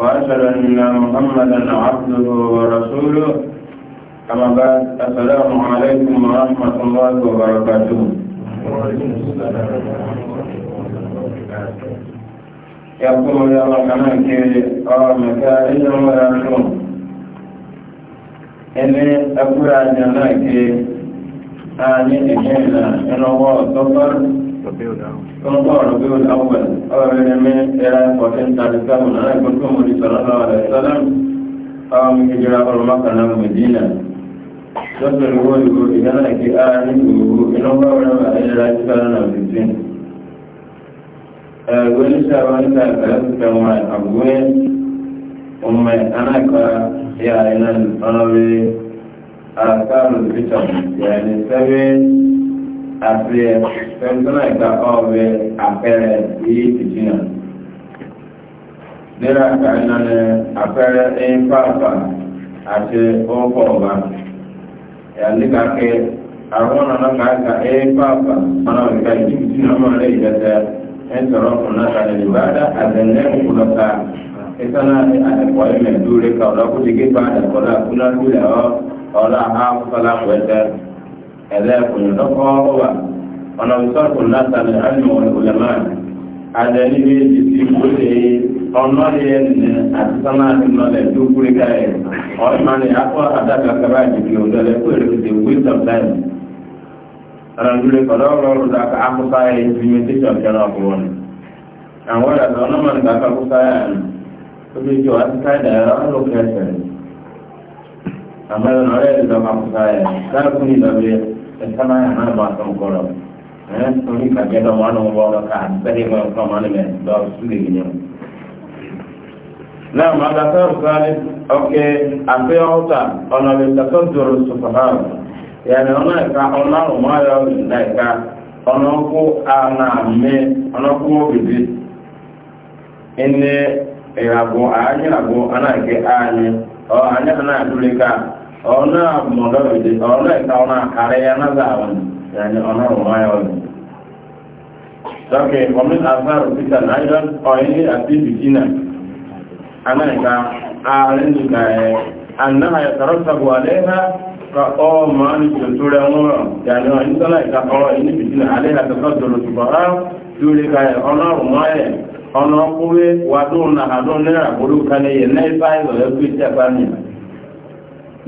وأشهد أن محمدا عبده ورسوله أما بعد السلام عليكم ورحمة الله وبركاته يقول يا رحمن كي قام أرمك إلا ورحمه إني أقول عن جنائك آني إجينا إن الله صبر Kọ́ńtọ́ Rọ̀bíù Láwùwẹ̀l, ọ̀rẹ́ rẹ̀ mi ẹ̀rá 1437 náà ẹ̀kọ́ tó mọ̀ ní Sọ̀rọ̀lá Àlẹ́ Sọ́lám, àwọn ìjọra ọlọ́mọ́kà náà Mẹ̀dínà. Lọ́sọ̀ ìwọ́ ìwò ìdáná ìkí ara ní ìwò iná bá wọ́n rẹ̀ ẹ̀rá ti sára náà 15. Ẹ̀gbẹ́ ní sára ní sára fẹ̀wọ̀n àgbẹ̀ ọmọ anáìkọ́ ya iná ọlọ́rẹ́ àkàrò ìfìtàn yà ní sẹ́wẹ́ fẹ́ntọ́nà ìgbàkan ọ̀rẹ́ àpẹẹrẹ ilé ìtìjìnà nílá kàínà ní àpẹẹrẹ ẹ̀yìn pàápàá àti ọkọ̀ ọ̀bá ìyàlíkàkẹ́ àwọn ọ̀nà kàáka ẹ̀yìn pàápàá ọ̀nà òkèkà ìjìnà mọ́ rẹ̀ ìjẹta ẹ̀ sọ̀rọ̀ kùnà kàlẹ̀ ìbáadá àtẹ̀lẹ́kùn kùnà ìtọ́nà àtẹ̀kọ́ ilẹ̀ dúró ká ọ̀dọ́kùnrin bá àtẹ̀kọ́lá kúlákúlẹ̀ ọ̀la áwùsọ̀lá pẹ̀tẹ́ ẹ̀lẹ́kùnrin lọ́kọ́ wà ọ̀nà ìsọ́kùn látàrí àìmọ̀ ìwòlẹ̀mọ́ àjẹ́ níbi èjì tí kò lè ọ̀nà ìyẹn àti sánà àti nọlẹ̀ tó kúrẹ́ káyẹ̀ ọ̀ìmọ̀ ni akọ́ àdàgbà kaba ìjìkì òdọ̀lẹ̀ pẹ̀lú the waste of time ràndúlẹ̀ kọ̀dọ̀ ọ̀rọ̀ dàkà akọ́sá implementation kẹ́nà ọ̀gbọ̀n àwọn ọ̀dàkà ọ̀nàmọ̀ ní kàkà akọ́sá yẹn tó fi jọ àti káyẹ̀ ọ̀lọ́kẹ́sẹ̀ àmọ́ ẹ̀rọ náà ẹ̀ torí kàjẹ́ lọ wọn nù wọ́n lọ ká àtúntẹ́lẹ̀ wọn kọ́ wọn lẹ̀ lọ sílẹ̀ yìí náà máa gbà sọ́rọ̀ sáré ọkẹ́ àfẹ́ ọ̀tà ọ̀nà ìgbàsọ́ dòrò sọ̀fàhàn yàrá ọ̀nà ìka ọ̀nà ọ̀mọ́ ayọ̀ ìlà ìka يعني أمر ما يعلم لكن ومن أثار الفتن أيضا قائل أتي بجنة أنا كأعلن أنها يترتب عليها كأمان جنتور أمور يعني أن تلا كأعلن بجنة عليها تقدر الفقراء ذلك أمر ما أنا قوي ودون أدون نرى بلوكني ينفع ويكفي تفاني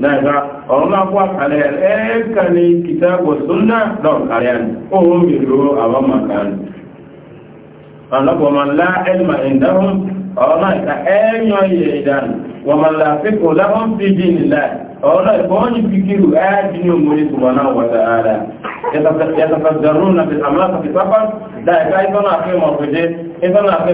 daga ọ̀rọ̀lá fún àkàrẹ̀ ẹ́ẹ̀kà ní kìtàbọ̀ súnnà lọ́kàrẹ̀ ohun mìírò àwọn makar ọ̀lọ́pọ̀mọ̀ láẹ́lmà ìdáhùn ọ̀rọ̀lá ìka ẹ́yọ iye ìdán wọ̀mọ̀ láfíkò láhùn fi bí nílá ọ̀rọ̀lá ìbọ́nyí fikiru ẹ́ẹ̀dínú múrí subhanahu wa ta'ala يتفجرون في الأملاك في سفر ده كايتنا في موجودين إذا في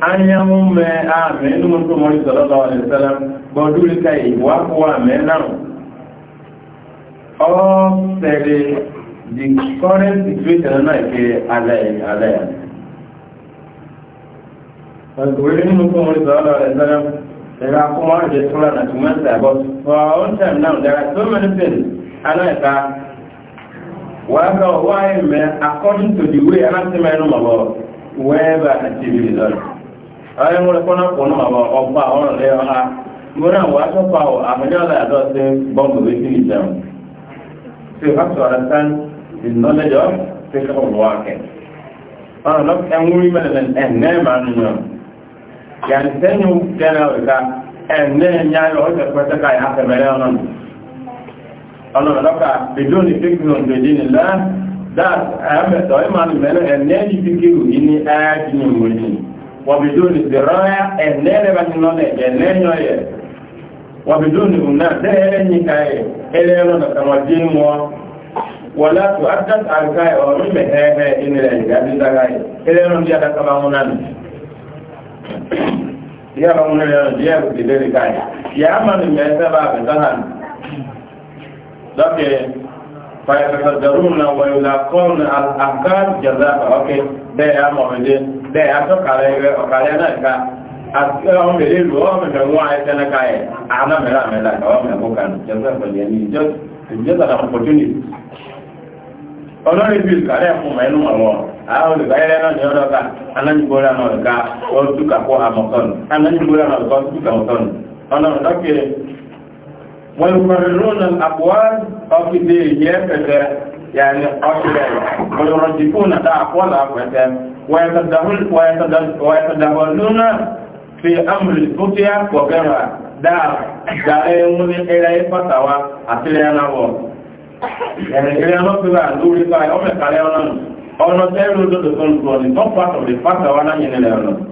anyanwụ mee ahụ enugwu nke mụrụ sọlọlọ ọlịsala gbọdụrụ ka iwu akwụwa mee now ọ sịrị the current situation na nke ala ala ya ọgbọdụ nínú nke mori sọlọlọ ọlịsala sere akwụwa ahụ jesụla na but for our own time now there are so many things according to the way wherever result ọ̀rẹ́ ń rẹ̀ kọ́nà pọ̀ náà ọgbà ọ̀rọ̀ lé ọha mo náà wà tó pa ọ̀ àmọ́jọ́lá àdọ́ sí bọ́ọ̀mù wí sí ìjẹun so you have to understand the knowledge of facial working ọ̀rọ̀ lọ́pọ̀ ẹ̀wúrí mẹ́lẹ̀lẹ̀ ẹ̀nẹ́ màá nù yàn sẹ́yìn jẹ́nà òrìká ẹ̀nẹ́ nyáyọ̀ ọ̀sẹ̀ pẹ́tẹ́ká ìhàfẹ́mẹ́rẹ́ ọ̀nà ọ̀nà lọ́pọ̀ bidóni fíkìlọ̀ ìgbèdínì lẹ́ that ẹ̀mẹ́tọ̀ ìmọ̀ wàbìdóni zèrànyà ẹ̀nẹ́rẹ́ bá ti nọ́nà ẹ̀nẹ́yàn yẹ wàbìdóni ọ̀nà dẹ́ẹ̀rẹ́ nyíká yẹ ẹlẹ́rọ nà kàmàdé wọn wọlá tó adát àríká yẹ ọ̀rọ̀ mímẹ̀ hẹ́ẹ̀hẹ́ ìnira ìgbà dídára yẹ ẹlẹ́rọ ní adakaba wọn náà yẹ ọ̀rọ̀ wọn náà yẹ ọ̀rọ̀ dídẹ́rẹ́ ká yẹ yẹ á máa nìyẹn sábà àbẹ̀tánà lọ́kẹ́ fàyẹ̀fẹ̀fẹ̀dẹ̀rúnà wọ̀nyọ̀lákọ́ọ̀nù àkàn jẹ̀dá ọ̀kẹ́ bẹ́ẹ̀ amọ̀mẹ́dẹ́ bẹ́ẹ̀ atọ́kàrẹ́ rẹ̀ ọ̀kàrẹ́ náà ká àti ọmọdé lù ọmọdé wọn ẹsẹ̀ náà káyẹ̀ àná mẹ́rà mẹ́rà ọmọdé kọ́kàn jẹ̀dá ọ̀kẹ́ ní ìjọ́sà opportunity ọlọ́rin bí ìkàlẹ̀ fún mẹ́nu àwọn àwọn olùgbáyẹ̀rẹ́ náà ni ọlọ́ka anáyìnbóra náà ọ̀ká ọdúnkàkọ́ àmọ̀kọ́nù anáyìnbóra náà ọ̀ká ọdúnkàkọ́ ọlọ́run lọ́kẹ̀ẹ́ ويمررون الأقوال أفدي يفتح يعني أشرع ويرجفون تأقوال أفتح ويتدهلون في أمر الفتية وغيرها دار دائم إلى فتوى أتلينا وم يعني إلينا فتوى دوري فاي أمي قليلا أنا تيرو دو دو دو دو دو دو دو دو دو دو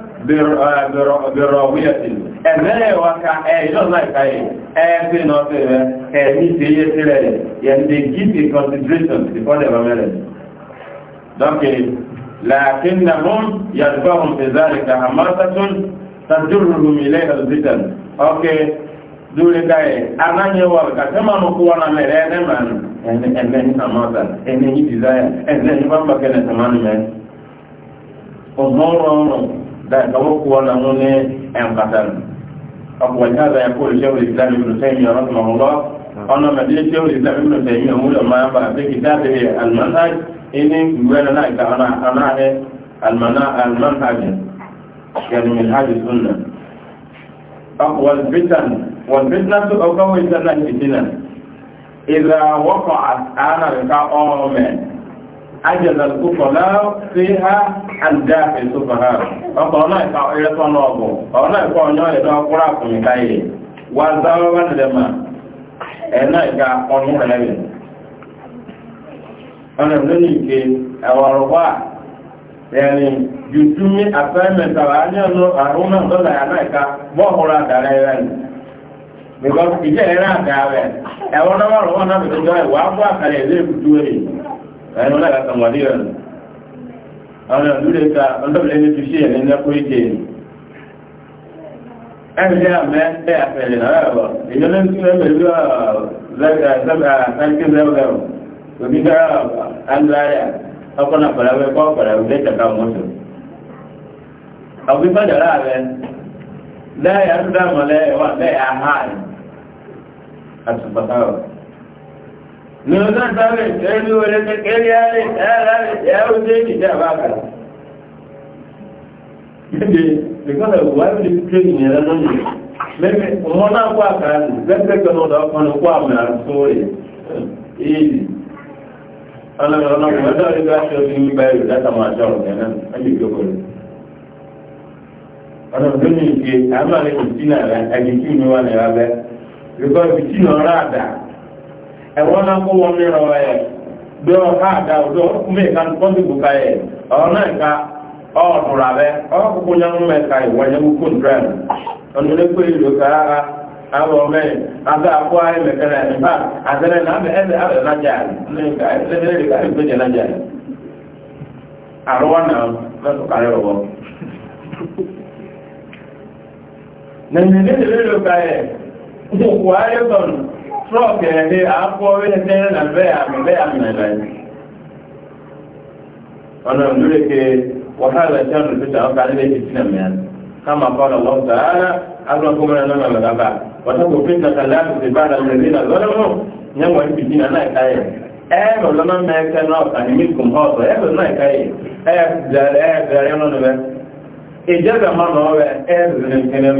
bẹ̀rọ̀wíyàtì ẹ̀mẹ́rẹ̀ wa ka ẹ̀yọ́ láìka yìí ẹ̀ẹ́fẹ́ náà fẹ́ rẹ̀ ẹ̀mí tí yé sílẹ̀ rẹ̀ yẹn dey give a consideration before the marriage. dọ́kì làákín na mún yàtúbà hùn fi záàrì ka àmọ́sàtún tàjúrù hùn ilé ẹ̀lùbítàn ọkẹ́ dúró káyẹ̀ anáyẹ̀wọ̀ kàtẹ́mọ̀nù kú wọn mẹ́rẹ̀ ẹ̀nẹ́mọ̀nù ẹ̀nẹ́yìn àmọ́sà ẹ̀nẹ́yìn desire ẹ̀nẹ́yìn bá ذلك وقوة لنون انقتل أقوى هذا يقول شيخ الإسلام ابن تيمية رحمه الله أن مدينة شيخ الإسلام ابن تيمية مولى ما ينبع في كتابه المنهج إني بين ذلك أنا أنا المنهج يعني من هذه السنة أقوى الفتن والفتنة أقوى الفتنة إذا وقعت أنا بكاء أمم ajẹ́lẹ̀ na sí ha ha ọkọ̀ ọ̀nà ìka ìrẹsọ̀ náà ọ̀bọ̀ ọ̀nà ìka ọ̀nyọ́ ìdọ́ ọkùnrin àkùnrin káyè wà záwọ́ wà nílẹ̀ mà ẹ̀nà ìka ya ìrẹ̀lẹ̀ ọ̀nà ìlú ìke ẹ̀wọ̀rọ̀wà ẹ̀rì jùtúmí assignment àwọn anyọ́nù àrùn ẹni wọn náà kàmọ́ àdéhùn ọ̀nà àwọn ọ̀nà lórí ka ọ̀dọ́bìnrin ní tu sí ẹ̀ nínú ẹ̀kọ́ ìjẹ ni ẹni tí a mẹ́ ẹ̀ àfẹ́lẹ̀ náà ẹ̀rọ èyí ló ń tún ẹ̀ pẹ̀lú ọ̀rọ̀ òbí gára àndáyà ọkọ̀ náà pẹ̀lú ẹ̀kọ́ pẹ̀lú ẹ̀ tẹ̀ka mọ́tò àwọn ìbàdàn láàrẹ lẹ́yà ń dá mọ́lẹ́ wà lẹ́yà àhàn àtùpàtàwọ̀ lọ́nà sáré ẹni wọlé tẹ́kẹ́lẹ́ ààrẹ ẹ̀rẹ́ ẹ̀rọ jẹ́ ìjẹ́ àbákàrà ìdè ìkọ́lẹ̀ wáyé tí ìyẹn lọ́nà yìí mẹ́mẹ́ ọmọ náà kó àkàrà nì lẹ́gbẹ̀ẹ́ ọ̀dọ̀ ọkùnrin kó àmì àrùsọ rẹ̀ èyí ọlọ́rọ̀ ọlọ́rọ̀ ọjọ́ ìgbà ṣe ọdún ní báyìí láta máa jọ ọ̀gẹ̀ náà ẹgbẹ̀ ìjókòrò ọ̀nà tó ní ìgbé àmàlẹ́ ìtìnà rẹ̀ ẹgbẹ̀ tí ìmúwà nìyà bẹ́ ẹ̀wọ́n náà kó wọn mìíràn ẹ̀ bí ọ káàdá ọdọ ọkùnrin ìka pọ́ńtìkù ká ẹ̀ ọ̀rọ̀ náà ìka ọ̀dùnrà bẹ́ ọkùnkùn yẹn mú ẹ̀ka ìwọ̀n yẹn kúkú nìrẹ̀ ọ̀nà ní pé ìlú kárára àwọn ọmọ ẹ̀ abẹ́ àpò ayé mẹ̀kẹ́rẹ́ ẹ̀ nípa àtẹ́rẹ́ náà ẹ̀ ẹ̀ ẹ̀ ẹ̀ trọk ẹ̀dẹ́ àápọ̀ orílẹ̀-èdè nàbẹ́ àmìlẹ́ àmìlẹ́ ọ̀nà ìlúrèké wàhálà ìṣẹ́nu tó tàwọn kan lè ti nà mìíràn kama kọ́nà wọ́n sàárà agbọ́nkúnmọ́ra náà mẹ́rin bàbá wọ́n kò fi nàkà láti fi bá àdàlẹ́ ní àlọ́lọ́mọ́ yẹn wọ́n ti fi nà náà káyẹ̀ ẹ̀rọ lọ́nà mẹ́ẹ̀kẹ́ náà kàní mí kùn họ́ọ̀tọ̀ ẹ̀rọ náà káyẹ̀ ẹ̀ẹ́dẹ̀rẹ̀ ẹ̀ẹ́dẹ̀rẹ̀ náà nù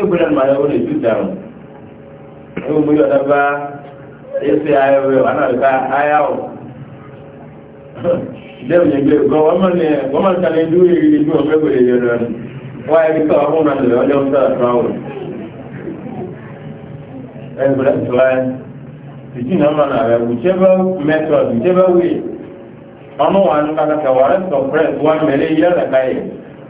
egwere mmanya ọ na-ejudarụ emume ya ọdaba esi ahịa ọ anaghịkwa ahịa ọ dem nye gbe gbọ wọn mọni wọn mọni sani du yi yi du ọmọ egwere yi ọdọ ni wọn ayé kíkọ ọhún náà lè ọjọ ń sọrọ tó àwọn egwere tó ayé títí náà mọ náà rẹ wùchẹbẹ mẹtọd wùchẹbẹ wíì ọmọ wa nínú kakaka wàrẹ sọpẹrẹ wọn mẹlẹ yẹrẹ káyẹ.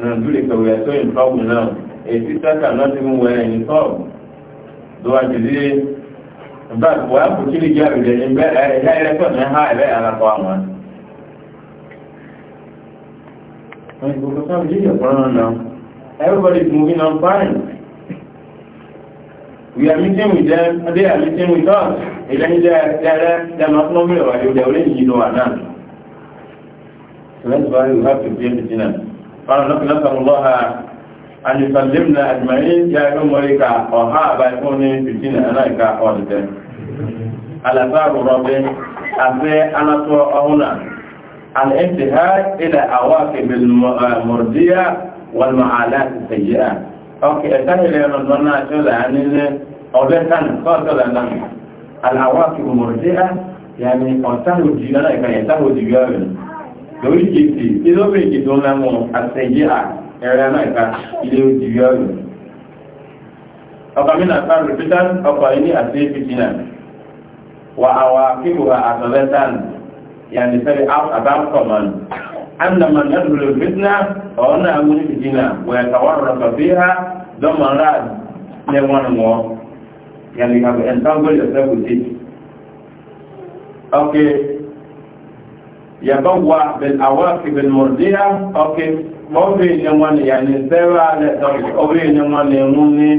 During the we are so in trouble now. A sister cannot even wear a uniform. Though I believe but wọ́n á kò kí ni jẹ́ ìrẹ̀ ẹgbẹ́ ẹ̀yà ẹlẹ́tọ̀ ní ha ẹ̀rẹ́ alákọ̀ àwọn. Everybody is moving on fine. We are meeting with them, they are meeting with us. Ìlẹ́yìn jẹ́ ẹ̀rẹ́ ẹ̀mọ́kúnlọ́mí ọ̀wà yóò dẹ̀ orí ìyìnlọ́wà náà. So that's why we have to pay the dinner. قال نسأل الله أن يسلمنا أجمعين يا أمريكا وها بيكوني في الدين أنايكا أولدين على باب ربي أفي أنا طوى هنا الانتهاء إلى عواقب المرضية والمعالات السيئة أوكي أتهل يا أو شلع كان صار كذا لنا العواقب المرضية يعني أنتهوا الجيلة كان ينتهوا الجيلة lórí kèsì tí ló bèèrè tó ń lámọ́ àtẹ̀yé à ẹ̀rẹ́ náà ìta ilé òjì rí ọ̀rọ̀ ọkà mí náà sáré pítán ọkọ̀ ilé àti fìtínà wà àwà kíkò àtọ̀lẹ́tàn yàní sẹ́rí àbám kọ̀mọ̀n annama nadulu fitna ọ̀nà àwọn fìtínà wẹ̀ kàwọn rọ̀kọ̀ fi ha dọ́mọ̀ rà lẹ́wọ̀n wọn yàní kàwọn ẹ̀ntàngọ́lẹ̀ sẹ́kù sí. Okay yabawa bil awaqib al murdiya ok, mawbe ne wani yani zera ne obe ne wani munni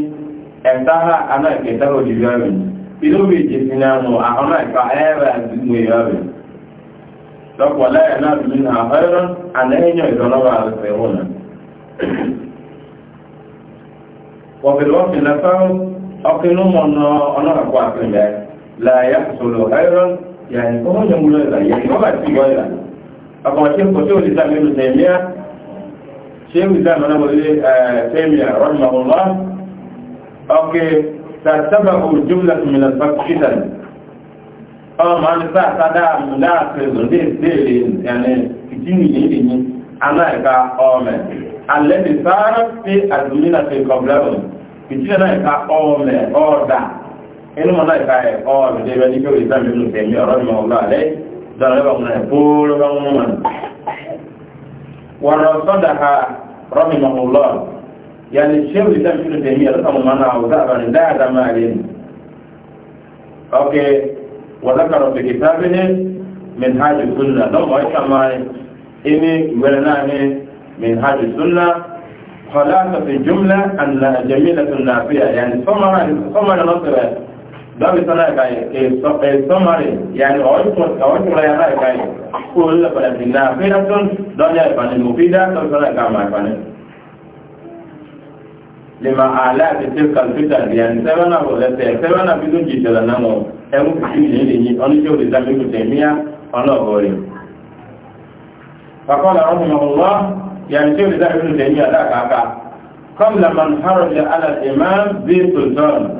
entaha ana ke tawo diyawe ilo be je sinano ahona ka era mu yawe dok wala yana min ahayran alayna idona ba sayuna wa bil waqti nafa aqinu man onara kwa kinde la yahsulu hayran yani kama ya mulala yani baba si wala akamwachia mkoteo lisami ibn Taymiyyah Sheikh Islam ana wale Taymiyyah rahimahullah okay tatabu jumla min al-faqidan ama maana saa sada mdaka zote zile yani kitini hili ni anaika ome alladhi sara fi admina fi qablahu kitini anaika ome order inú mọ́lá ìka ẹ̀kọ́ ọ̀dọ̀dẹ́ ibẹ̀ ní pé òyìnbá mi ló tẹ̀mí ọ̀rọ̀ ìmọ̀ ọ̀gá rẹ̀ dọ̀rẹ́bà mọ̀ ẹ̀kúrò bá mú mọ̀ wọ̀rọ̀ sọ́dà ha rọ́mì mọ̀ ọ̀lọ́ yàní ṣé òyìnbá mi ló tẹ̀mí ọ̀rọ̀ mọ̀ náà ọ̀gá àbàrin dáadáa máa rí ni ọkẹ wọ̀lákàrọ̀ bèkì tábìlì minhajì sunna lọ́mọ ìkàmá ẹni ìwẹ̀rẹ̀ náà ní minhajì sunna خلاصة الجملة أن جميلة نافية يعني ثمرة ثمرة نصرة lọ́bi sọ́nà ẹ̀ka yẹn sọ́mọ́rì yàní ọ̀ọ́dúnrún yàrá ẹ̀ka yẹn kó o lè pẹ̀lẹ́ sí náà fídà tó ń lọ́jà ìfàní mú fídà tó ń sọ́nà ẹ̀ka máa ìfàní. lèmà àlẹ́ àti tí kàlùfítà yàní sẹ́wọ́nà kò lẹ́sẹ̀ sẹ́wọ́nà fi tún jìjọ lọ́nà wọn ẹ̀mú fìdí nìyí nìyí oníṣẹ́ òde sábẹ́ kò tẹ̀míyà ọ̀nà ọ̀gọ́rin. fakọ́lá ọ̀hún ọ̀hún yàní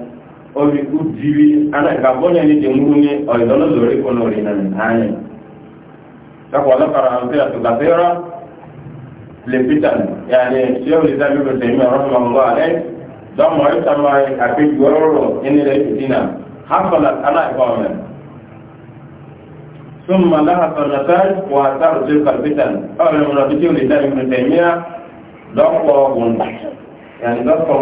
obi kudiri ana ka bonya ni jenguni o idono zori kono rina ni ane ta kwa la para ampia tu kapera lepitan yani sio lizabi ko sema rahmanullah alayhi dan mo ita mai ape gororo ini le fitina hafala ana iqama thumma laha sanatan wa tarju kalbitan aw la munafiki lizabi ko yani dan ko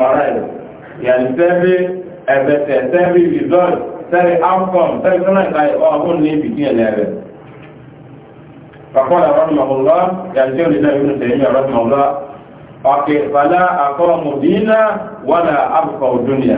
yani sebe ẹ̀bẹ̀tẹ̀ sẹ́rí result sẹ́rí outcome sẹ́rí sọ́nà ìtàyẹ̀ ọ̀hún ní ìbìkí ẹ̀ lẹ́rẹ̀. فقال رحمه الله يعني شيخ الإسلام ابن تيمية رحمه الله ọ̀kẹ́ fàlá àkọ́ọ̀mù dínà wọ́nà àbùkọ̀ òdúnìyà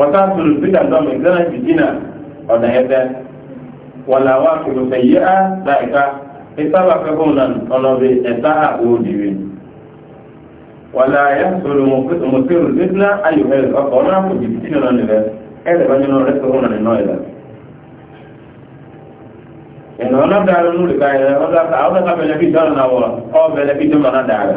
wata turu bida dɔ mi gana jijina ɔna ɛdɛ wala wa kuru fɛ yi a da ika isaba fɛ ko nan ɔnɔ bi ɛta a o diwi wala ya turu musiru bidna ayi hɛ ɔkɔ ɔna ko jibiti nana ni bɛ ɛdɛ ba nyina ɔrɛ fɛ ko nan nɔ ɛdɛ ɛnɛ ɔna daara nu de ka yɛ ɔna ka bɛlɛ bi dɔn na wɔ ɔ bi dɔn na daara.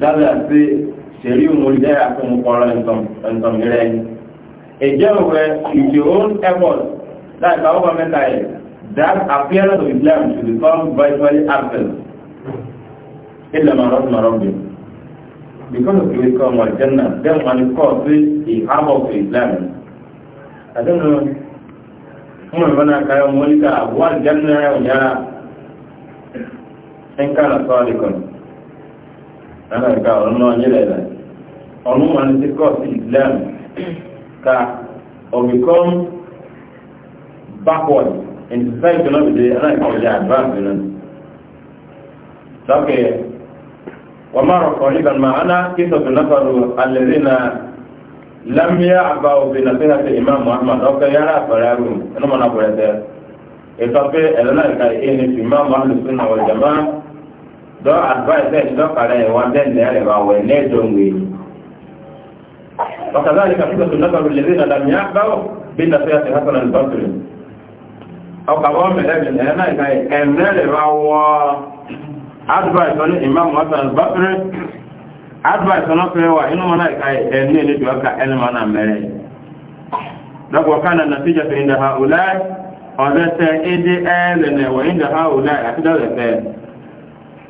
dábàá pé ṣèlú ìmúlẹ̀ àfihànkọ́rọ̀ ẹ̀ǹtọ̀mìrẹ́ ẹni. ìjẹ́ òwe is your own effort láì bá wọ́n mẹ́ta ẹ̀ that appearance of Islam should become virtually absent. ìlànà rọ́bìnrin because of the way come with Jannah, then one call to the harbor of Islam. I don't know. Mo ní wọn kàyọ̀ mọ́líkà wọ́n jẹ́ náà yára ẹ̀ka lọ́sọ́ọ́lẹ́kọ̀ọ́ ana ka ono nyele na ono man ti ko islam ka o become backward in society no be ana ka ya advance no so ke wa ma qariban ma ana kisa tunafaru alladhina lam ya'ba'u bi nasihati imam muhammad o ka yara fararu no mana ko ya e to pe elana ka e ni imam Muhammad sunna wal jamaa dɔ advice ɛn dɔ kala yɛ wa bɛn lɛ yɛrɛ ba wɛ lɛ dɔn wɛ وكذلك قصة النفر الذين لم يحبوا بالنصيحة حسن البصري أو كبار من أجل هنا أن هو advice wọn ní imam hasan bakre advice wọn fẹ́ wà inú mọ́nà ìka ẹni ní ju ọkà ẹni mọ́nà mẹ́rẹ̀ lọ́pọ̀ kánà na síjà fi ìdá ha ọ̀lá ọ̀dẹ́sẹ̀ ìdí ẹ̀ẹ́lẹ̀ nẹ̀wọ̀ ìdá ha ọ̀lá àti dọ́lẹ̀fẹ́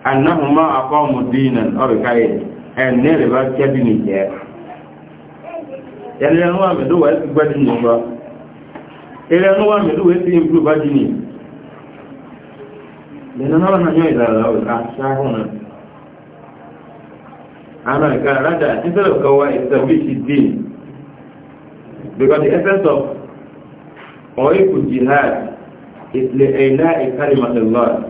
annahuma aqamu dinan orkai en ne le ba kebi ni je ele no ame do wa ti gbadi ni ba ele no ame do ti improve ba dini le no na na yo ida la o ta sha hona ana ka rada instead of kawa establish din because the essence of oiku jihad is li ila'i kalimatillah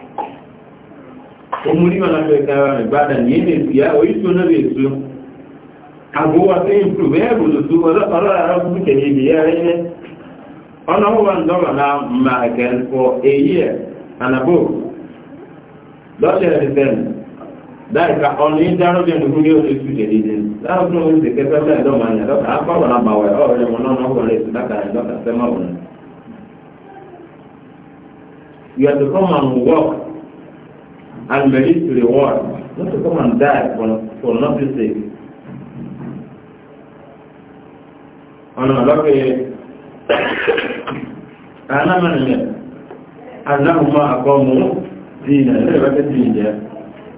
omuli wanapelekana ibada niende yao hicho unavyoisu agowa tempu webu tu wala wala arabu kenyi yeye ona huwa ndoba na maken for a year anabo dote alisen dai ka oni daro je ndugu yo tu kenyi la kuna wewe kesa ta ndo manya doka hapa wala bawe oh ni mnono huko le sitaka ndo kasema una you have to come and walk and merit to reward, not to come and die for, for nothing sake. ọ̀nà àbáfẹ́ alámànìyàn aláhùnmọ́ àkọ́mù sí ilẹ̀ ilẹ̀ ìwẹ́kẹ́ sí ìjẹ́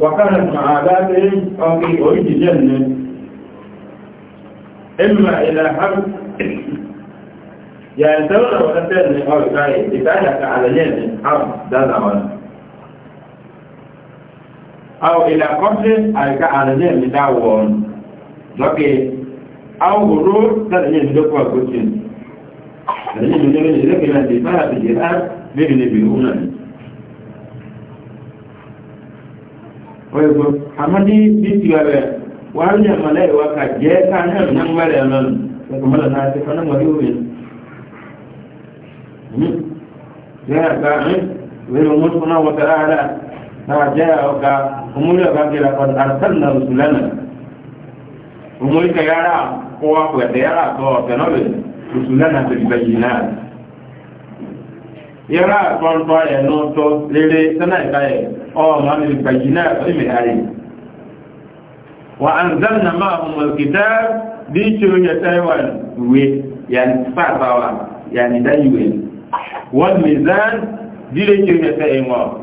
wàkàrẹ̀ àbáfẹ́ ọkì oríjìjẹ́ ní ẹmà ilẹ̀ àbáfẹ́ yà ìtẹ́wọ̀n àwọn ẹ̀fẹ́ ní ọ̀rẹ́ أو إلى قبر الكأنزين لداوهم لكي أو غرور تلعين لكوا قسين تلعين لكوا لكي لا تفاها في الجهاد بين بيونا ويقول حمدي بيتي وابا وعلي ملاي وكا جيكا نعم نعم ملاي نعم فكمل ناسي فنم ويومين يا باعي ويرمون سبحانه وتعالى na jaya oka umuri oka kira kon arsalna rusulana umuri ka yara kowa ku da yara to tanobe rusulana bil bayyinat yara kon to ya no lele sana ka ye o oh, ma ni bil bayyinat ni me hari wa anzalna ma'ahum alkitab di churu ya taiwan we yani fa bawa yani dai we wal mizan dile churu ya taiwan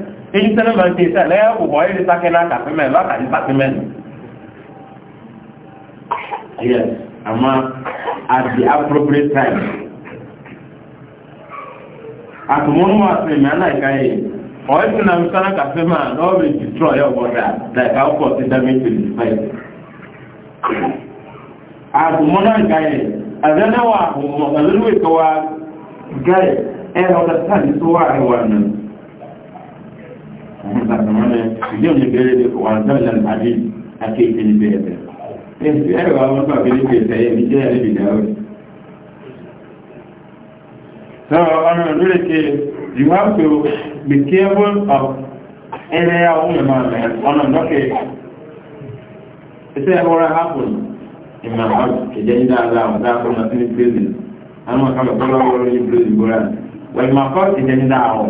èyí sẹ́lẹ̀ máa ń ṣe ìṣẹ̀lẹ̀ òwò ayélujára sákẹ́ náà kàfímẹ̀ látàrí sákímẹ̀ yes àmọ́ at the appropriate time àtùmọ́nú wa sí ìmọ̀ aláìka yìí ọ̀yẹ́ tí náà ń sára kàfímẹ̀ lọ́wọ́ bí destroy ọ̀gọ́dà like how for the damage to the spice àtùmọ́nú àìka yìí àzẹ́nẹ́wà àtùmọ́ àzẹ́nẹ́wà ìkọwà gẹ́ẹ̀ ẹ̀rọ kẹsàn-án tó wà ẹ̀wà náà You have to be careful of any other woman. On a ẹ̀rọ àwọn ọmọ àbílẹ̀ bẹ̀rẹ̀ tẹ̀yẹ ní jẹ́ ẹ̀rẹ́ bìdá rẹ̀. So, ọ̀nà ìrúlẹ̀ kí you have to be careful of ẹ̀rẹ́ àwọn ọmọ rẹ̀ ọ̀nà lọ́kẹ̀. Iṣẹ́ ẹ̀họ́ra hapun ìmọ̀ àwọn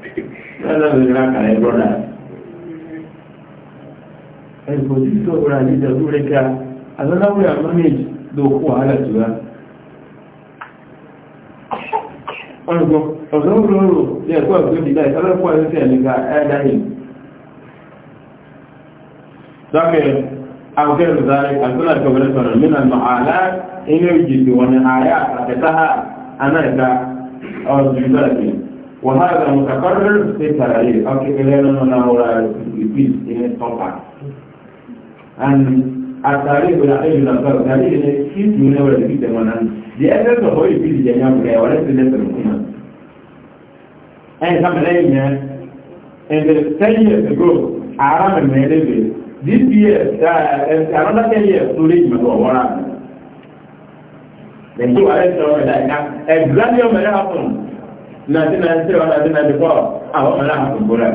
lọ́dọ̀ mi ra kàlẹ́ brọ́dà ẹ̀kọ́ tí tó rà ní ìjọba rẹ̀ ká àlọ́láwẹ̀ àmọ́nèjì ló kó wàhálà jù wá ọ̀gbọ̀n ọ̀gbọ̀n olóró ní ẹ̀kọ́ ẹ̀kọ́ ìdílé ìtọ́lọ́pọ̀ ẹ̀sẹ̀ ẹ̀lẹ́gà ẹ̀dáyìn lọ́kẹ̀ àwọ̀kẹ́ ìrùzárí àtúnlá ìkọ̀bẹ̀rẹ̀ sọ̀rọ̀ nínú àlá inú ìjìdì wọn ni àyà àtẹ̀táhà anáìka ọ̀dùnjọ́ ìpìlẹ̀ وهذا متكرر في التعريف أو كلنا نناول في إن طبعا أن التعريف الأخير للأفكار تعريف كيف يناول في تماما لأن هو في الجميع ولا وليس ليس الحكومة أي كم الأيام أن تجي تقول أعرام المهلبة this year another ten years storage mẹ́lú ọ̀wọ́ra. Nàìjíríà ẹ̀ sọ̀rọ̀ ẹ̀dá ẹ̀dá ẹ̀dá ẹ̀dá ẹ̀dá ẹ̀dá ẹ̀dá 1993 wọ́n láti 1994 àwọn ọmọ náà kùn bóra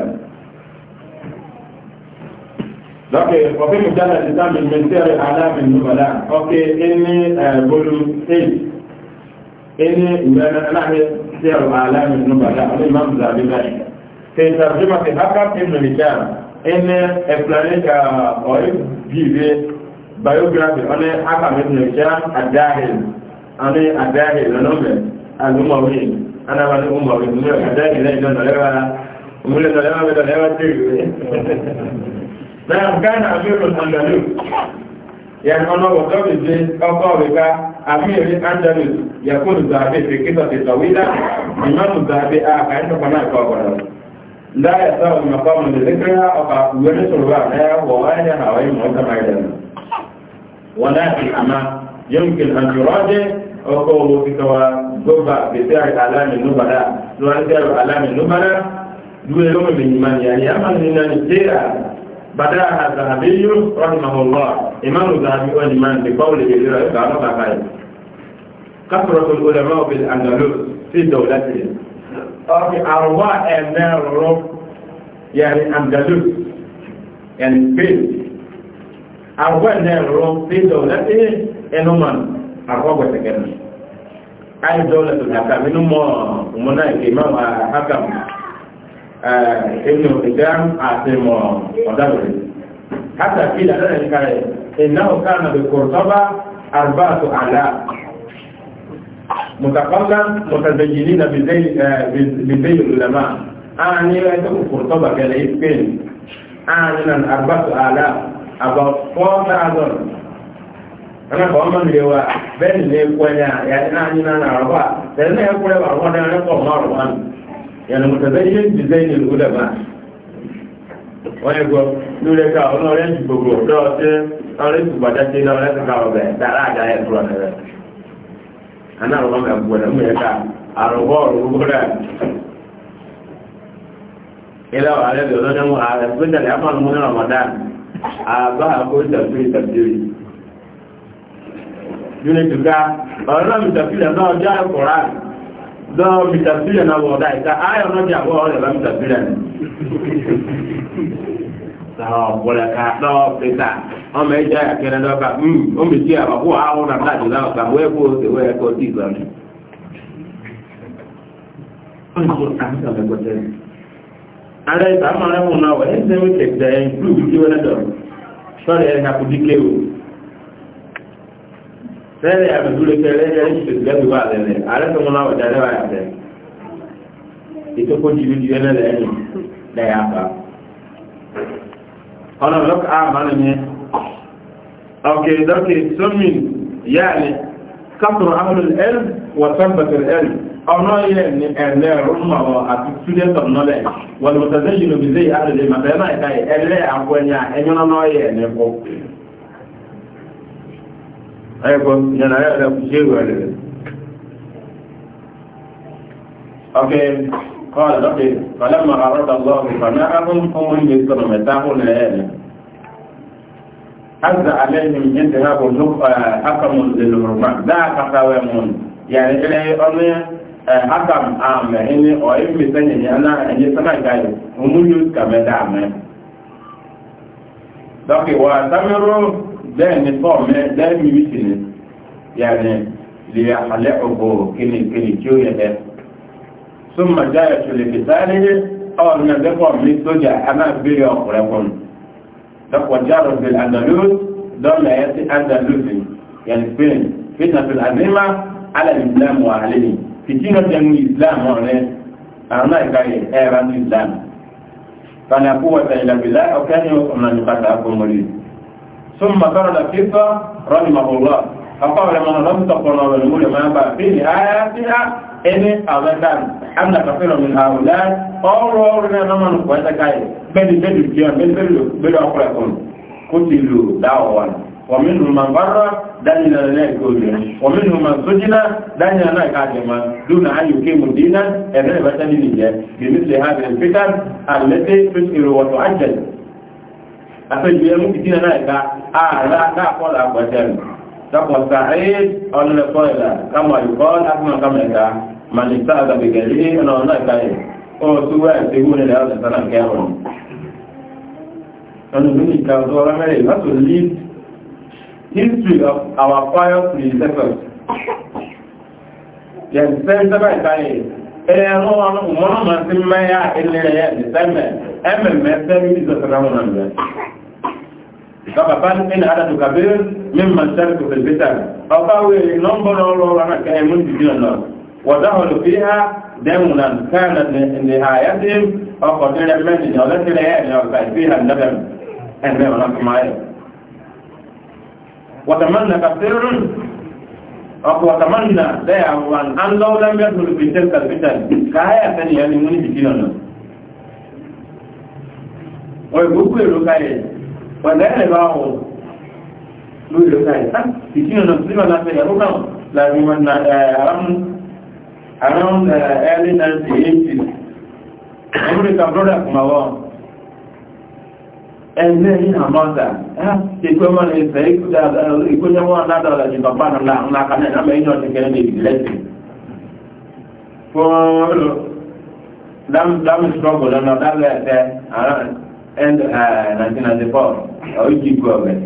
lọ́kẹ̀ ọ̀fẹ́ mi dára ti sáàmì mẹ́tẹ́rì aláàmì nùbọ̀lá ọkẹ́ ẹni bólú 8 ẹni ìwẹ̀rẹ̀ aláàmì tẹ́rù aláàmì nùbọ̀lá ọdún ìmọ̀ ìzàbí báyìí tẹ́sà tí ma ti hákà tí mo lè dáa ẹni ẹ̀planẹ́kà ọ̀rẹ́ bíire biography ọ̀nẹ́ hákà mẹ́tẹ́rì àdáhìl ọ̀nẹ́ àdáhìl lọ́nà أنا ما نقوم ما بين نور حدا إلا إذا نلعب ومن نلعب إذا نلعب تيجي نعم كان أمير الأندلس يعني أنا وقبل زين أو قبل كا أمير الأندلس يكون ذهب في كذا في طويلة بما ذهب آخر آه، إنه كنا كبار لا يسوى المقام الذكرى أو كأول سلوى لا وغير هواي مهتم عليه ولكن أما يمكن أن يراجع ọkọ̀ owó ti kọ́ wa gbọ́gbà gbèsè alámi nùbàdà lọ́wọ́n tẹ́ alámi nùbàdà dúró lọ́mọ mi ní mani àyè amánu ní nani jẹ́ra bàdà àzàbí yóò rahimahullah ìmánu zàbí wọn ni mani báwo lè gbèsè rẹ̀ bá wọn bàbá yìí. kásọ̀rọ̀ tó lọ́dọ̀ máa fi àndàló sí dọ̀wọ́lá ti rẹ̀. ọ̀fi àrùwá ẹ̀mẹ́ rọ̀rọ̀ yẹni àndàló yẹni gbé àrùwá ẹ̀mẹ́ rọ̀rọ̀ sí dọ̀wọ́lá ti rẹ̀ ẹnu mọ̀nà akɔgbɛ sɛgɛ mi ayi dɔw le tòlɛ aka mi numɔ muna eke ma wa haka mu ɛɛ enu ɛgba ase mɔ ɔdabere hata fi la lɛ nika yɛ enawo na bi kɔrɔtɔba arbaatu ala mutakɔla mutazɛjini na bi zeyi ɛɛ bi zeyi ulama aa ni yɛ ɛtɛ ko kɔrɔtɔba kɛlɛ yi spain aa ni na arbaatu ala about four thousand ana ka ọma mmiri wa bẹẹ ni ekwenye a yadị naanị na na arụba sịrị na ekwere bụ arụba dị anya ka ọma arụba nụ ya na mụta bẹẹ ihe njize ni ilu daba onye gwọ n'ule ka ọ nọrọ eji gbogbo dọọsị ọrụ ịsụ gbadachi na ọrụ ịsụka ọbẹ dara aja ya kụrụ n'ebe ana arụba ma gwọ na mmiri ka arụba ọrụ ugbo dị ilé ọ̀rẹ́ bí ọlọ́dún ààrẹ pé tẹ̀lé afọ́nù mú ní ramadan àbá àkóso ìtàkùn ìtàkùn unit ga náà jẹ́ àkọ̀rá lọ mìtàfílẹ̀ náà wọ̀ ọ̀dá ìta ayọ̀ náà jẹ́ àwọ̀ ọ̀rẹ̀ ní ọ̀pọ̀lẹ̀ka lọ́ọ̀ pẹ̀ta ọmọ ẹja àkẹrẹ lọ́ba hmm, ó mi tí àwọ̀ náà láti láwọn ọ̀gá wọ́n ẹ̀kọ́ òsè wọ́n ẹ̀kọ́ tí lẹ́yìn àbẹ̀dúró kẹ lẹ́yìn ẹ̀rí ṣètò lẹ́bi wà lẹ́lẹ̀ ààrẹ tó ń lọ ọ̀dà lẹ́wà yàtẹ̀ ìtòkò jìbì jìbì ẹ̀lẹ́ lẹ́yìn lẹ́yà ọ̀nà lọ́kà àmàlẹ́ ah, mi ọ̀kẹ́ lọ́kẹ́ sọ́mìn yáàlẹ̀ kátó amúlò ẹ̀rù wà sábàtẹ̀ ẹ̀rù ọ̀nà yẹn ní ẹ̀lẹ́ rúmọ̀ àti student of knowledge ẹ̀kọ́ ìjọna yára fi ṣe ìwẹ̀ rẹ̀ ọkẹ́ kọ́lá lọ́pẹ́ pàlẹ́mà àrọ́dà lọ́wọ́ ìfàná ahùn fún ilé sọ̀rọ̀ mẹ́ta hùn ẹ̀ẹ́rẹ̀ azza alaihim intihabu hakamu lilurba da aka kawe mun yani ile onu hakam ame ini o imi sanye yana enye sana gayo umuyus kameda ame doki wa tamiru lẹ́yìn bọ́ mẹ́ lẹ́yìn mi sì ni yàrá lè àlẹ́ ògbò kìnnìkìnnì tí ó yẹ bẹ́ẹ̀. súnmọ̀ jáyà tó lè fi sáré ọ̀rọ̀ náà dẹ́kọ̀ mi sójà a máa béèrè ọ̀kùnrin fún mi. dọ́kọ̀ jáàrọ̀ bí andalus dọ́là ẹ̀ sí andalus yẹn spain fitna fi azima ala islam wa alẹ́ni fìtínà jẹun islam ثم قرن كيفا رحمه الله فقال من لم تقرن والمول ما ينبع فيه آياتها إن أبدا أن كثير من هؤلاء قالوا أولنا نمن كويتكاي بل بل بل بل بل بل أقرأكم قتلوا دعوا ومنهم من بر دليل ذلك ومنهم من سجن دليل ذلك عجما دون أن يقيموا دينا إذن بتنين بمثل هذه الفتن التي تسئل وتعجل àpéjú ẹmú kìtì náà ẹ̀ka ààrá dáàkọ́lá àgbàjẹ́rù dápọ̀ta ẹ̀yẹ ọlọ́lẹ̀kọ́ ẹ̀là kámọ̀ àyùkọ́ lákùnmọ̀ kámọ̀ ẹ̀ka màlìsá àgbàgbẹ̀gẹ̀lẹ́ ọ̀nà ọ̀nà ẹ̀ka ẹ̀ ó túwẹ́ ẹ̀sẹ̀gbó nílẹ̀ ọ̀sẹ̀ sánà kẹrùn-ún ọdúnmíníkà ọ̀dọ́rọ̀ mẹ́rin not to leave history of our prior predecessors. Yẹn the ìtayé, ẹ̀rọ ọmọ náà ti mẹ́yà ilẹ̀ ẹ̀ sababan in adadu kabir min man sarku fil bitan aw qawi nomboro lo wana kay mun dijon lo wa dahulu fiha damunan kana nihayatim aw qadira man dawlati la yani aw qad fiha nadam an ma wana kumaya wa tamanna kathirun aw wa tamanna la yawan an law lam yadhul fi tilka bitan kaya tani yani mun dijon lo wa gugu lo kaya Wàdáyẹ̀ bá wọn lórí lọ́ta ìta, ìkínà náà sílẹ̀ máa ah, láfẹ́ ìyàwó náà láàrin wọn na around early 1980s. Amurika brọ́dà kùmàwọ́. Ẹgbẹ́ ní àmọ́ta, ẹgbẹ́ mọ́nà ìfẹ́ ìgbóyẹ̀wọ́n ládọ́lá ní bàbá náà ńlá kan náà mẹ́yìn ọ̀tí kẹrẹ́ ní ìlẹ́sìn. Fọ́ọ̀lù, dámì ṣọ́gbọ̀lọ́nà dálẹ̀ ẹ̀ẹ́ and uh, 1994 or Egypt government.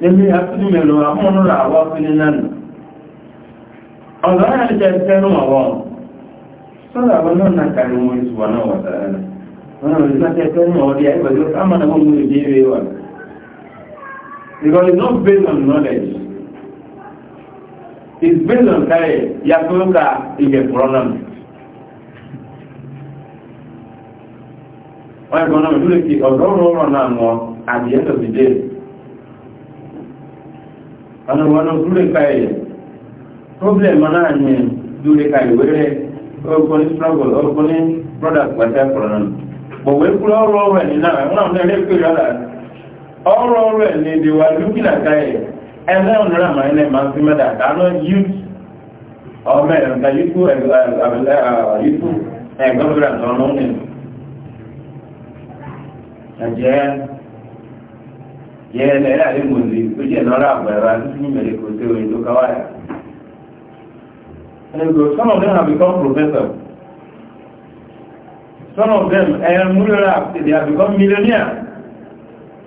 Níbi àtúntò mẹ́lò àmúnúra àwọn fílẹ̀ náà. Ọ̀dọ́ náà jẹ́ tẹ́nu àwọn sọ́dọ̀ àwọn náà na kàrí wọn ìṣùwà náà wà tàrà náà. Wọ́n náà rí sáté tẹ́nu ọdí àìbẹ̀lú àmàna wọn mú ìdí ìwé wà. Because it's not based on knowledge. It's based on káyẹ̀ yàtọ̀ ká ìyẹ̀kùrọ̀ náà. wọ́n ẹ̀kọ́ náà lórí kí ọ̀gọ́rùn ọ̀rọ̀ náà mọ́ àdìyẹ́tọ̀ sí dé ọ̀nà wọn náà lórí ká ẹ̀yẹ problem náà ní lórí ká ìwé rẹ̀ ọkọ̀ ní struggle ọkọ̀ ní brothers pẹ̀sẹ̀ kọ̀ọ̀nà bọ̀wé kúrò ọ̀rọ̀ ọ̀rọ̀ ẹ̀ náà ẹ̀wọ̀n náà lè pè rárá ọ̀rọ̀ ọ̀rọ̀ ẹ̀ ní ìdíwà lókìlà ká ẹ̀yẹ ẹ̀lẹ́ ọ̀nàrà máa ń fi mẹ́ta dáná youth ọmọ ẹ̀rọ youth ẹ̀gbọ́n ẹ̀jẹ̀ yẹ ẹlẹ́yà lè mọ̀ lè tó jẹ́ lọ́rọ̀ àgbàrá ní mẹ̀lẹ́ kò sí orin tó káwá yà. And they some of them have become professors. Some of them, Mullah, they have become millionaires.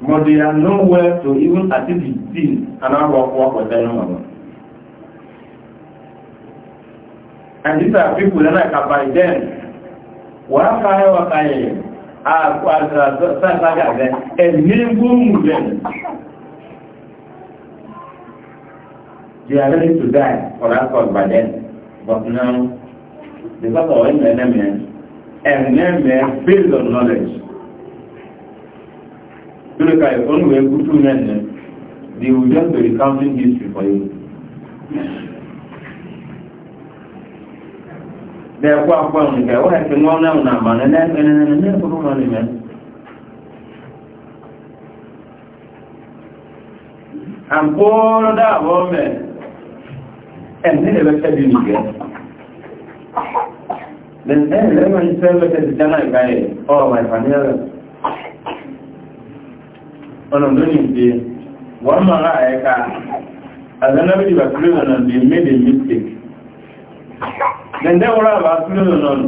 But they are nowhere to even achieve the thing and now work, work with them. And these are people that I can them. Wàá káyẹ̀ wàá káyẹ̀ yẹn àkó àtàràtọ̀ sáàtàkà rẹ̀ ẹ̀mí gbóhùn rẹ̀ they are ready to die for that cause by then but now because of ẹ̀mí ẹ̀mí ẹ̀mí ẹ̀mí based on knowledge lórí ka ìfọ́nù ẹ̀kú tún mẹ́rin they will just be recounting history for you. na-ekwe akwa nke wee ke nwa ọnụ ahụ na ama na na-ekwuru ụlọ n'ime àpòrò dáàbọ̀ mẹ́ ẹ̀mí ẹ̀rẹ́fẹ́ bí nìgbẹ́ lẹ́ẹ̀lẹ́mọ̀ ìfẹ́ mẹ́fẹ́ ti jẹ́ náà ìgbáyẹ̀ ọ̀rọ̀ ìfàníyàrẹ̀ ọ̀nàdóní ìdí wọ́n mara ẹ̀ka àzẹ́nàbí ìbàkúrẹ́ ọ̀nà then they were about million on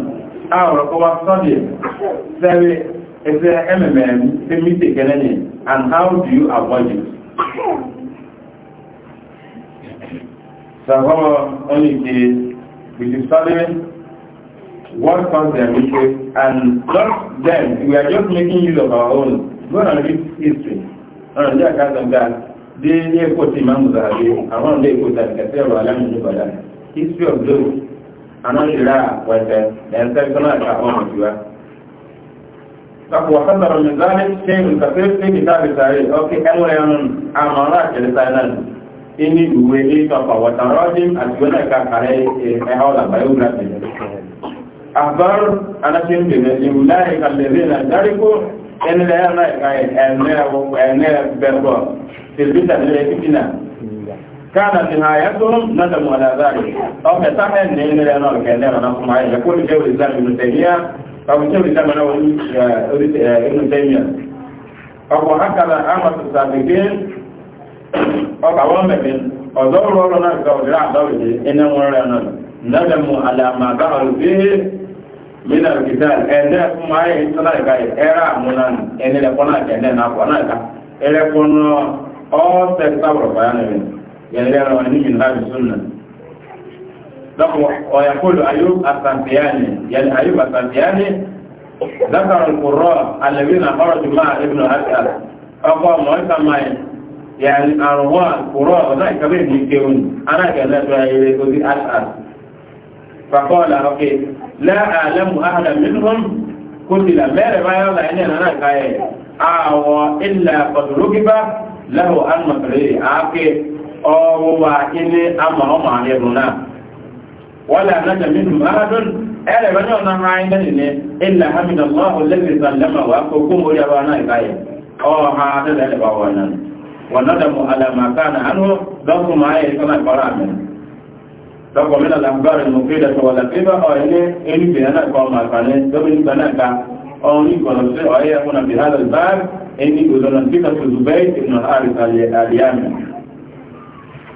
our our study very is a MMM the ah, mistake and how do you avoid it so how only the with the study what comes their mistake and not them we are just making use of our own go and read history and they are kind of that they they quote Imam Zahabi and one day quote that Kasir Alam Nubala history of those anan ila wata dan sai kana da abun mutuwa sako wa kaddara min zalik shay'un kathir fi kitab al-tarikh aw fi anwa'in amara al-sanan ini uwe ni to pa wa tarajim atuna ka kare e, e hawla biography akhbar ana tin bi ne ulai alladhina tariku en la yana ka en ne wa en ne berbo tilbita ne kitina كان نهايتهم ندموا على ذلك أو كتاحة إن إلمي لأنه الكلام نفسهم عليه يقول جو الإسلام ابن تيمية أو جو الإسلام ابن تيمية أو هكذا أمر السابقين أو كوامبين أدور ورنا كوزراع دولي إنهم ورنا ندموا على ما قالوا فيه من القتال أنهم عليه إصلاح كاي إرى منان إن لكونا كأننا كونا كأننا كونا أو تكتبر بيانه يلغير وني من باب السنة ويقول أيوب السنفياني يعني أيوب السنفياني ذكر القراء الذين خرجوا مع ابن أسأل أقوى مؤسسا معي يعني أرواح القراء وذلك كبير يكيون أنا كذلك يقول أسأل فقال أوكي لا أعلم أهلا منهم قتل ماذا ما يرضى أن أنا كاي أعوى إلا قد ركب له أن مفريه أوكي ọwụwa ilé ama ọmọ àrẹ̀rùn náà wọ́n lè ànájà mínú márádùn ẹ̀rẹ̀ rẹ̀ náà náà ráyé lẹ́yìn ní ilẹ̀ hamid allah lẹ́yìn sàlẹ́mà wà kókó mórí àwọn náà ìbáyẹ̀ ọha lẹ́lẹ̀ lẹ́bà wọn náà wọ́n náà mú alamaka náà kọ́ ọmọ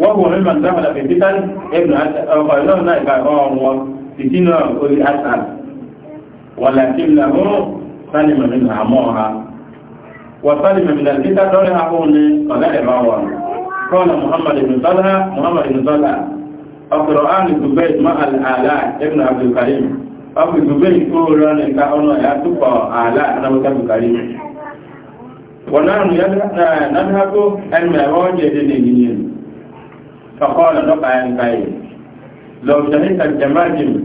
wọ́n bọ̀ mẹ́fà ní sáfàdà fẹ̀ títà ẹ̀bùn ọkọ̀ ìlọ́run náà ìgbà ọ̀rùn wọn títí náà orí àtàn wọ́n làkí ìlànà sani mẹ́mí nà mọ́ ha wọ́n sani mẹ́mí nà títà lọ́rẹ́ ahọ́ ní ọ̀gá wọn kọ́nà muhammad ibn salha muhammad ibn salha ọkùnrin àmì zubair ma al'ala ibn abdul karim ọkùnrin zubair ọ̀nà فقال نقع عن قائل لو شهدت الجماجم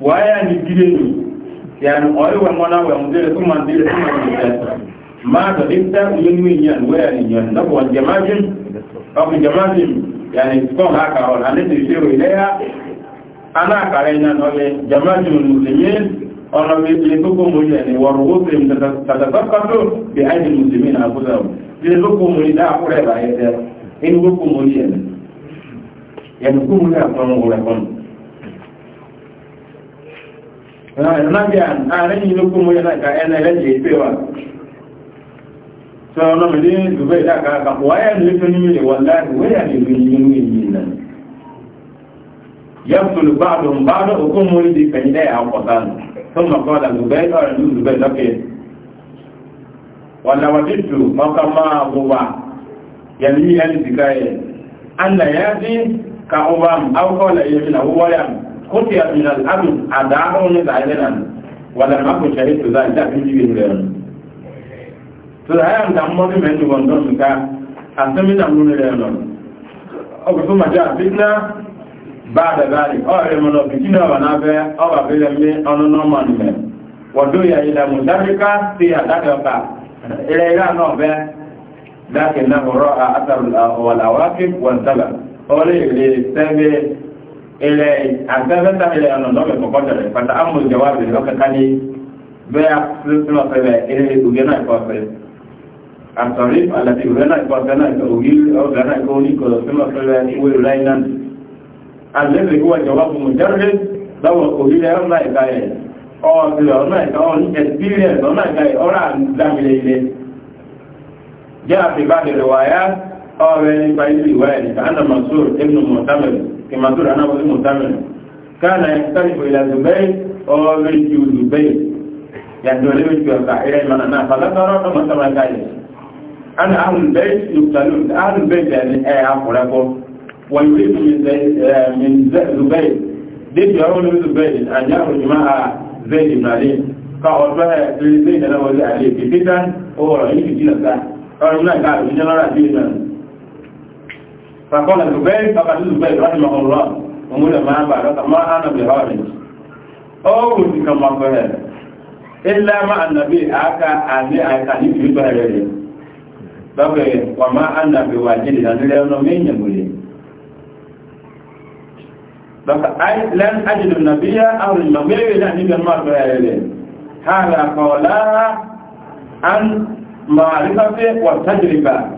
ويا نجيني يعني أيوة منا ومدير ثم مدير ثم مدير ما ضربت من وين ويا نجيني نبوة الجماجم أو الجماجم يعني تكون هكا والحديث يشير إليها أنا كارينا نقول جماجم المسلمين أنا بيتلقكم يعني ورؤوسهم تتسقط بأيدي المسلمين أنفسهم بيتلقكم إذا أقول هذا إن لكم يعني yẹnu kú múlẹ̀ àwọn ọ̀rẹ́ kan nàbíà ààrẹ yìí ló kú múlẹ̀ náà ẹnà ẹlẹ́jẹ̀ ìpé wa sọ ọlọ́mọdé dùbẹ́ ìdáka àpapọ̀ wáyà ní lẹ́tọ́ ní ilẹ̀ wọ́n láti wẹ́yà ní ìlú nínú ìlú ìlú yẹ́pùtùlù bá dùn bá dùn òkú múlẹ̀ di fẹ̀yìnlẹ̀ àkọ́tánù tó mọ̀kọ́dà dùbẹ́ ọ̀rẹ́ dùbẹ́ lọ́kẹ́ wọ́n làwọn títù mọ́kà máa wọ́wà yẹ̀lú ẹni ka ubam aw qala yabina huwa yam khutiya min al amn adahu ni zailan wala ma ku bi na be ọ ba be le ono no man me wodo ya ila mudafika fi adaka ba na oríire sẹ́gbẹ́ ilẹ̀ àgbẹ̀fẹ́ta ilẹ̀ ọ̀nà lọ́bẹ̀ kọ̀kọ́ tẹ̀lẹ̀ pàtà àmọ̀ ìjọba bẹ̀rẹ̀ lọ́kẹ̀ká ní bẹ́ẹ̀ sílọ̀fẹ́lẹ̀ ilẹ̀ ògbẹ́ náà kọ́fẹ́ àtọ̀rí àlàtì ògbẹ́ náà kọ́fẹ́ náà ògbí ọ̀gá náà kọ́ ní kọ̀lọ̀ sílọ̀fẹ́lẹ̀ ìwé ìrìnàjò àlẹ́fẹ́ ìwé ìjọba fún mi jẹ́rẹ́ lọ́wọ́ ògbílẹ̀ ọ̀nà ìka ẹ̀ ọ̀ọ̀sẹ̀ ọ̀nà ìka ọ̀n experience ọ̀nà ìka ẹ̀ ọ̀rà àgbàmìlẹ̀ ilẹ̀ jẹ́ àfibá bẹ̀rẹ̀ wáyá ọ̀rẹ́ nípa ilé ìwáyé kàánà masur ibn mutamir kí masur anáwó sí mutamir kàánà ìkàlìfò ilẹ̀ zubai ọ̀rẹ́ ju zubai yàtọ̀ lé ojú ọ̀gá ilẹ̀ ìmọ̀nà náà falatọ́rọ̀ ọmọ sọ́mọ́ káyẹ̀ ana ahlul bayt yuqtalun ahlul bayt yani ay akura ko wa yurid min min zubayr did yarun min zubayr an yakhruj ma'a zayd ibn ali ka o to he zayd ibn ali fitan o ro ni fitan ka o na ka ni na ra bi na فقال الزبير فقال الزبير رحمه الله ومولا ما بعد ما أنا بهارج أو كما قال إلا ما النبي أكا أني أكا نبي بهارج بقي وما أنا بواجد أن لا نمين يقولي بقى لن أجد النبي أو النبي لا نبي ما بهارج هذا قولها عن معرفة والتجربة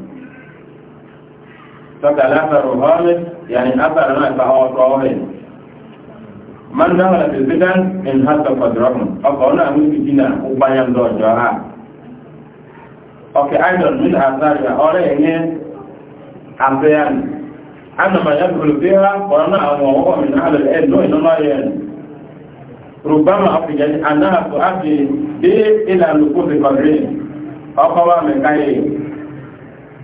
sọ́kà látàrù họ́ọ̀lẹ̀ yàní àtàrà náà ìfà ọ̀tọ̀ ọ̀rẹ̀ man náà wà fèsì dán in hàtọ̀ fọ̀dọ̀rọ̀mù ọkọ̀ ọ̀nà àwọn ìfìdí náà ó gbáyà ńdọ̀ ọjọ́ ha ọkẹ̀ idol mil àtàrà ọ̀rẹ́ ẹ̀yẹ àfẹ́yàn anàmà yà kúrò bí ha ọ̀nà àwọn ọ̀wọ́ mi náà lẹ̀ ẹ̀dọ́ ìnáná yẹn rùbámà ọ̀fìjẹ́ anáàtọ̀ àti dé ìlànà kó ti kọ̀rí ọkọ̀ wà mẹ́káyé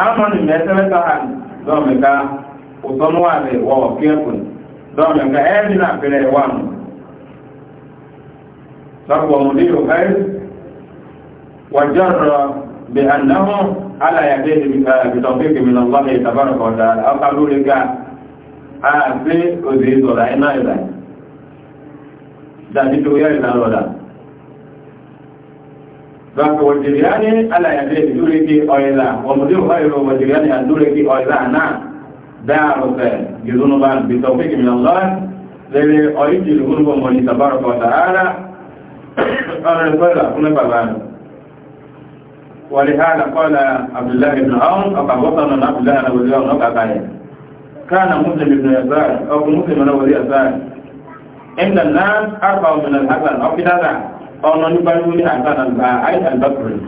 amanu mɛtɛmɛtɛ ha dɔmi ka usɔnu wa le wɔwɔ kiɛkun dɔmi ka ɛyɛdi na pɛlɛ eh, wa mu sɔgbɔmu di o ka yi wajɔrɔ bi anahu ala ya de bi ka bitɔnfi kemi na donc wajiriani ala ya de dure ki oyla wa mudir khairu wajiriani an dure ki oyla na daru fe yuzunu ban bi tawfiq min allah lele oyijil hurbo moni tabaraka wa taala ala fala kuna baban ولهذا قال عبد الله بن عون وقد وصلنا عبد الله بن وزير نقع كان مسلم بن يسار او مسلم بن وزير يسار عند الناس اربع من الحسن او في هذا ọ̀nà nípa ní ní àgbàdàn gba àìsàn bàkùrẹ̀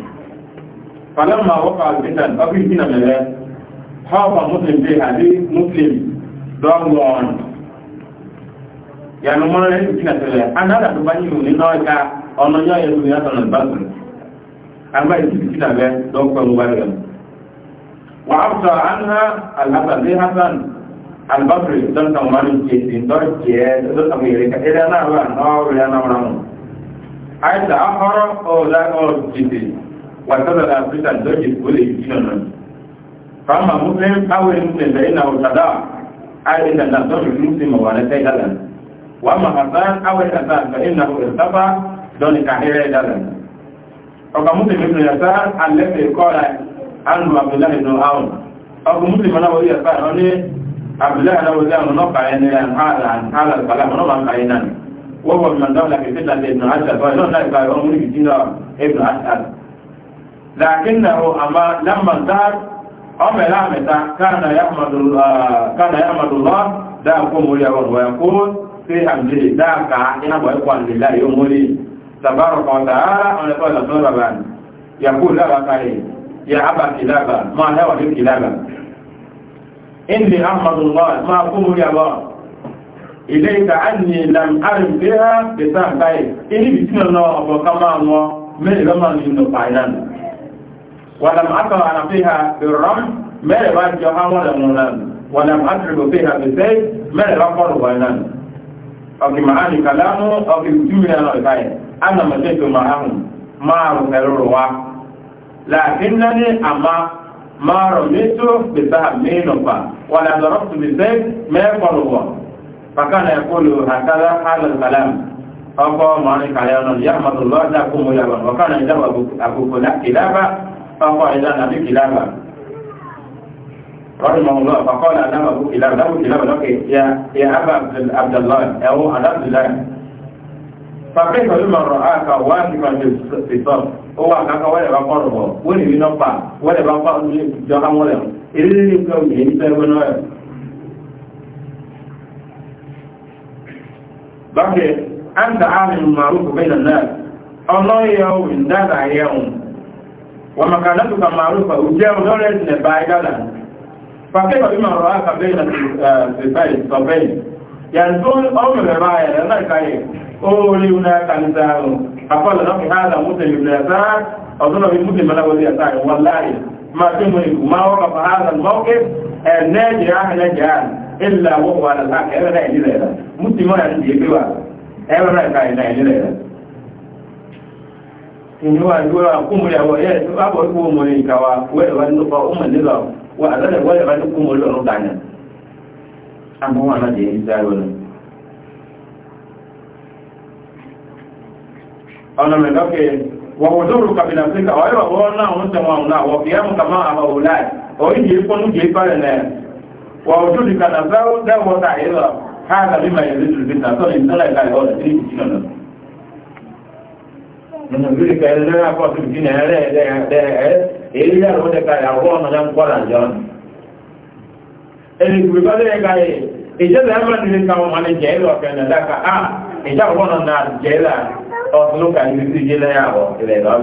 falamma wọ́pàá àgbẹ̀dàn ọkùn ìpínà mẹ́rẹ́ họ́ọ̀pà muslim dé àbí muslim dọ́gbọ̀n yànú mọ́rẹ́ ìpínà tẹ́lẹ̀ anára tó bá nínú nínú ọjà ọ̀nà yọ́ yẹ́ lórí àtọ̀nà bàkùrẹ̀ àgbà ìpínà mẹ́ dọ́gbọ̀n wáyọ̀ wà á sọ àná alhassan hassan albakri don samu manu ke sin don ke don samu yare ka ina na ba na wuri na wuri àìsà ahọ́rọ́ ọ̀la ọ̀rọ̀ tètè wàtọ́lọ̀ àfíríkà lọ́jì kó lè yí ọ̀nà fàmà múfẹ́ awẹ́ múfẹ́ ìnà òtàdá àìsà nàtọ́rù lùsì mọ̀ wà lẹ́tẹ́ ìdálẹ̀ wà mà hasan awẹ́ hasan ìnà òtàdá lọ́nì kàhírẹ́ ìdálẹ̀ ọkà múfẹ́ mi yàtá alẹ́fẹ́ kọ́ra anu abdullahi nù àwọn ọkà múfẹ́ mọ́nà wọ́n yàtá ọ̀ní abdullahi nù àwọn ọ̀nà kàyẹ́ ní àhàlà àhàlà وهو من دولة الفتنة ابن عسل فلن لا يقارون الفتنة ابن عسل لكنه أما لما انتهت أما لامتا كان يحمد الله كان يحمد الله دا يقوم يقول ويقول في حمده دا كعائنا ويقوان لله يومولي تبارك وتعالى أن يقول ضربا يقول لها كاين يا أبا كلابا ما هو في كلابا إني أحمد الله ما أقوم يا الله ilé ìta àìní ìlànàrí pé ha pẹ̀sà àgbáyé ibi tí nọ ọ̀pọ̀ ká máa wọn mẹ́rin lọ́mà ní inú pàìyàn wàlàm akọ̀ àràfẹ́ ha ìrọ̀m mẹ́rin bá jọ ha wọ́n lẹ́nu náà wàlàm àtìrìkò pé ha pẹ̀sẹ́ mẹ́rin bá kọ́rù wọ́n náà ọ̀kì máa ní kàlámù ọ̀kì túnmìnà náà ìbáyẹ̀ ana mọ̀tẹ́ tó máa hùn máa rùn ẹ̀rọ wa láàfin náà ní àmà máa rọ̀ mẹ́tò pẹ̀sà mẹ́rin nọ̀pà wàlàm àtọ̀rọ̀ فكان يقول هكذا حال الكلام فقام مالك عليه أن يحمد الله لكم يابا وكان إذا أبو كلابا فقال إذا نبي كلابا رحمه الله فقال أنا أبو كلابا له كلابا لك يا يا أبا عبد الله أو عبد الله فكيف لمن رآك واثقا في الصف هو كاكا ولا بقربه ولا بنقع ولا بقربه جهة ولا إلا يمكن أن يسأل bákẹ́ anta ààrin màrúkù bẹ́ẹ̀ náà ọlọ́yẹ̀ òun dára yẹ òun wà màkà látùkà màrúkù òjẹ́ ọlọ́rẹ̀ ìsìnlẹ̀ bá ẹgbàlá pàkẹ́ bàbí màrọ̀ áka bẹ́ẹ̀ náà sọ bẹ́ẹ̀ yanzu ọmọ rẹ̀ báyẹ̀ rẹ̀ náà káyẹ̀ ó rí una kàníta àrùn akọ́lẹ̀ náà fi hàdà mùsùlùmí rẹ̀ sáà ọdún náà fi mùsùlùmí náà wọlé ẹ̀sáà wọláyé máa fi mú ikú máa wọ́pàá hàdà mọ́kẹ́ ẹ̀ nẹ́jẹ̀ áhẹ́ nẹ́jẹ̀ áhẹ́ ilà wọ́n wà lọ́la ẹ̀rọ náà ìlú rẹ̀ rẹ̀ mùsùlùmí ọ̀rẹ́ ti dìé pé wà ẹ̀rọ náà ìka ìlà ìlú rẹ̀ rẹ̀. ìníwà ìlú wa kú mu yàwó yẹ wà bọ̀ kú mu ní ìka wa wẹ́rẹ̀ wà nípa ọmọ nílò wà àlọ́lẹ̀ wẹ́rẹ̀ wà ní kú mu lọ́rùn wọ́n ووجودك نفسه دوت أيضا هذا مما يزيد الفتنة صلى الله عليه وسلم nínú ìbílẹ̀ kẹrin lẹ́yìn àkọsí ìdínà ẹ̀rẹ́ ẹ̀rẹ́ ẹ̀rẹ́ èyí yàrá ó dẹ̀ka ìyàwó ọ̀nà náà ń kọ́là ndị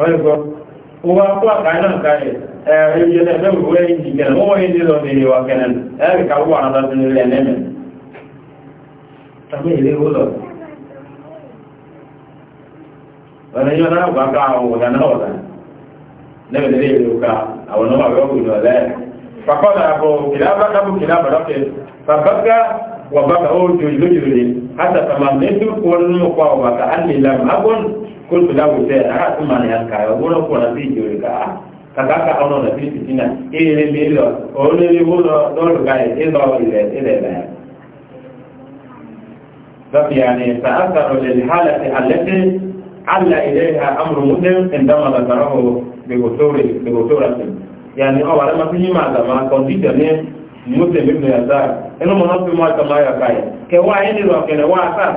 ọ̀rẹ́gbọ́ owó akó àkàrí náà kárẹ̀ ẹ̀rẹ́ ẹgbẹ́ òwú ẹ̀yìn jìkẹ̀rẹ̀ wọ́n wọ́n yìí lọ ní ìwà kẹ̀rẹ̀ ẹ̀rẹ́ kàwọ́ àwọn adájọ́ nílẹ̀ ẹ̀nẹ́mẹ̀ tàbí ilé owó lọ ọ̀rẹ́ yọ náà gbà ká àwọn ọ̀gá náà ọ̀gá lẹ́bẹ̀ nílé ìlú ká àwọn ọmọ àgbẹ̀ òkùnrin ọ̀lẹ́ fàkọ́lá àbọ̀ kìlábà kábù kìlábà lọ́kẹ̀ fàbákà wàbákà ó jòjì lójúlé hátàtàmà nínú kọ́ nínú kulku da ku sai a su ma ne yanka ya wuro ko na bi jori ka kaka ka ono na bi ti na e le le lo o le le wo do do lo ga e do ile ile da da yani ta'assaru lil halati allati alla ilayha amru muslim indama dhakarahu bi gusuri bi gusurati yani o wala ma fi ma da ma condition ne muslim ibn yazar eno mo no fi ma kama ya kai ke wa ni ro ke wa sa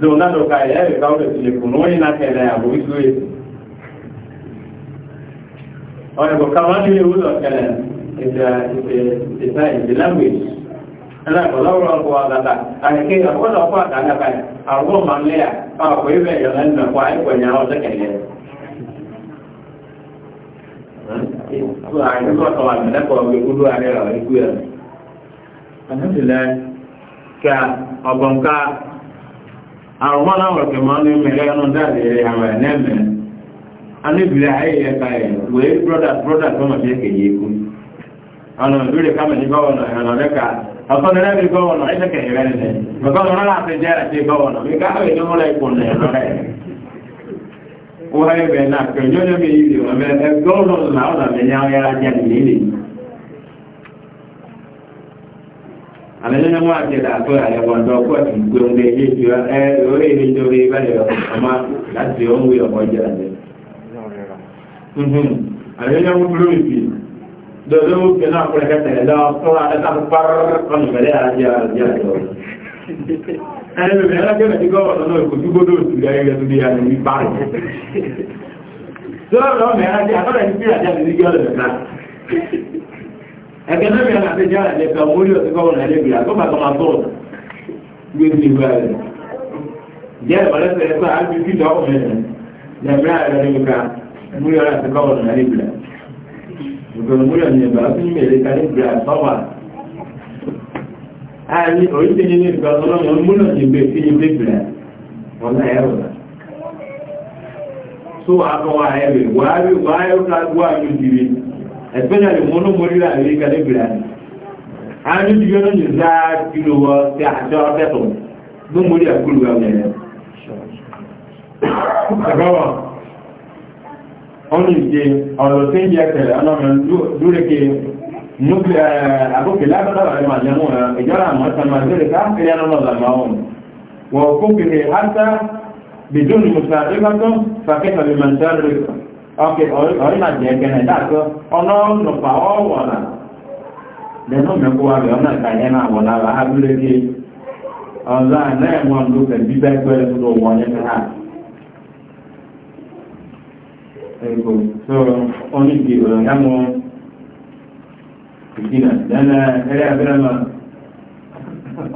don na do kai e ka o ti ku no ina ke na ya bu isu e o e ko ka ma ti u do ke na is a is a is a language ana ko lawo ro ko ala ta ana ke ko do ko ala ta kai a go man le àwọn aláwọ̀ kẹmọ́ ní mẹ́rẹ́ ẹnu dáàdì rẹ̀ àwọn ẹ̀nẹ́mẹ́ anébìlẹ̀ ayé ẹ̀ka ẹ̀ wèé brọ́dà brọ́dà tó mọ̀ sí ẹ̀kẹ̀yẹ ikú ọ̀nà ìbílẹ̀ kámẹ̀ ní gọ́wọ̀nà ẹ̀nà lẹ́ka ọ̀sọ́nà rẹ̀ gọ́wọ̀nà ẹ̀ṣẹ̀kẹ̀yẹ rẹ̀ nẹ̀ gọ́wọ̀nà rẹ̀ àti jẹ́ àti gọ́wọ̀nà mi káwé ní mọ́lá ikú nẹ̀ ẹ̀nà rẹ̀ wọ́n ẹ̀bẹ̀ náà kẹjọ́ amẹ́lẹ́nà wọn àti ẹ̀dà àtọ́ àyẹ̀wọ̀ndọ́ ọkọ̀ ti gbóngbé ilé ìjọ ẹ orí ilé ìjọba ìbálẹ̀ ọmọ láti ọmọ ìyọ̀kọ̀ jẹ́ àjẹ́ amẹ́lẹ́nà wọn fúló ìfì lọ́dọ́ ó fi náà kúrẹ́ kẹtẹ̀lẹ́ lọ tọ́ra ẹ̀ta pàrọ̀ ọ̀nà ìbẹ̀lẹ̀ àjẹ́ àjẹ́ àjẹ́ ẹni bẹ̀rẹ̀ alágbẹ̀rẹ̀ tí gọ́ọ̀nà náà kò economia na biashara ni kwa mwili usikao unalibia kama kama soda gezi bale je wale sasa hapo kitu hapo mwenye na bra analibia mwili wala usikao unalibia ndio mwili ni basi ni ile kale bra sawa ani oite ni ni kwa sababu mwili ni besi ni biblia wala yao so hapo wa hewe wapi wao tagwa mjini especially monomorira erika lebirani anyi diyono ni za kilowo ti ajo ọtẹtọ ló mórí àkúlù ẹ̀rẹ̀ ẹ̀gọ́wọ̀ ọdún ìgbé ọ̀rọ̀ tí ń yẹ tẹ̀lẹ̀ ọlọ́run lóríkẹ àkókè lágbàdàwà ẹ̀mà jẹmú ìjọ́ra àmọ́ ìtànà àgbẹ̀rẹ̀ káàkiri ẹ̀nà wọ̀n kókèrè hátà bìdónì mùsàdébátọ́ fàkẹ́fà bí màtàrí ọkè ọ̀rìnàjì ẹgbẹ̀rẹ̀ dáàtọ́ ọlọ́rùnùpá ọ̀wọ̀nà lẹ́nu mẹ́kọ́ wa rẹ̀ ọ̀nà ìtàyẹ̀ náà wọ̀ lára abúlé dé ọ̀la náà wọn ló fẹ̀ bí bẹ́ẹ̀ pẹ́ ló wọ̀ ní ká ẹ̀kọ́ tó oníbi ọ̀rọ̀ yàmú ìdínà lẹ́nu ẹ̀rẹ́ abẹ́rẹ́ náà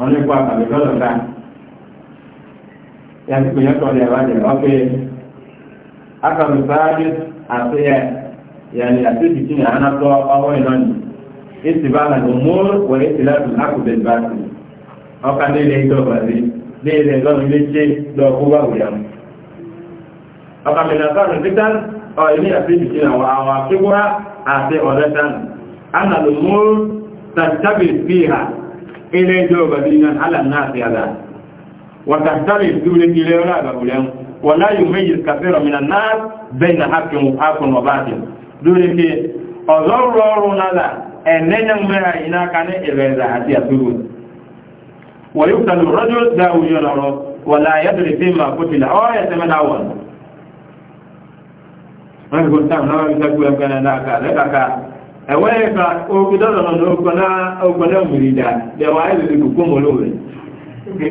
ọ̀nìkọ́ àkàbẹ̀ lọ́dọ̀ ká yàtúkọ̀ yẹn tọ́lẹ̀ wájẹ̀ ọ̀kẹ́ akàbẹ̀ báyìí àtúnyẹ yàní àtúntì tí yàrá náà tọ́ ọwọ́ ìlọ́ni èsì bá lànà òmùúrù wọ èsì láti àkùbẹ̀ ìbáṣe ọkà nílé ìdọ̀bà rí nílé ìlọ́nu ilé ṣe lọ kó bá wùyà mu. ọkà mìíràn sọ̀rọ̀ títà ọ ilé àtúntì tí yàrá àwọn àfikúra àti ọ̀dẹ́tàn àná lòmùúrù tàbí fìhà ilé ìdọ̀bà rí náà alànà àti àdá wọ́n tàbí fìhà ilé ìlọ́nu wala yumayyiz kathira minan nas bayna haqqin wa haqqin wa batil dole ke ọzọrọrọ nala ẹnẹnyẹ mẹ́ra iná ká ní ìrẹ̀rẹ̀ àti àtúrò wọ́n yóò tàbí rọ́jò dá òjò lọ́rọ̀ wọ́n la yẹ́dùrẹ̀ fi máa kó tilẹ̀ ọ́ ẹ̀sẹ̀ mẹ́ta wọ̀n wọ́n yóò tàbí náà wọ́n tàbí ẹgbẹ́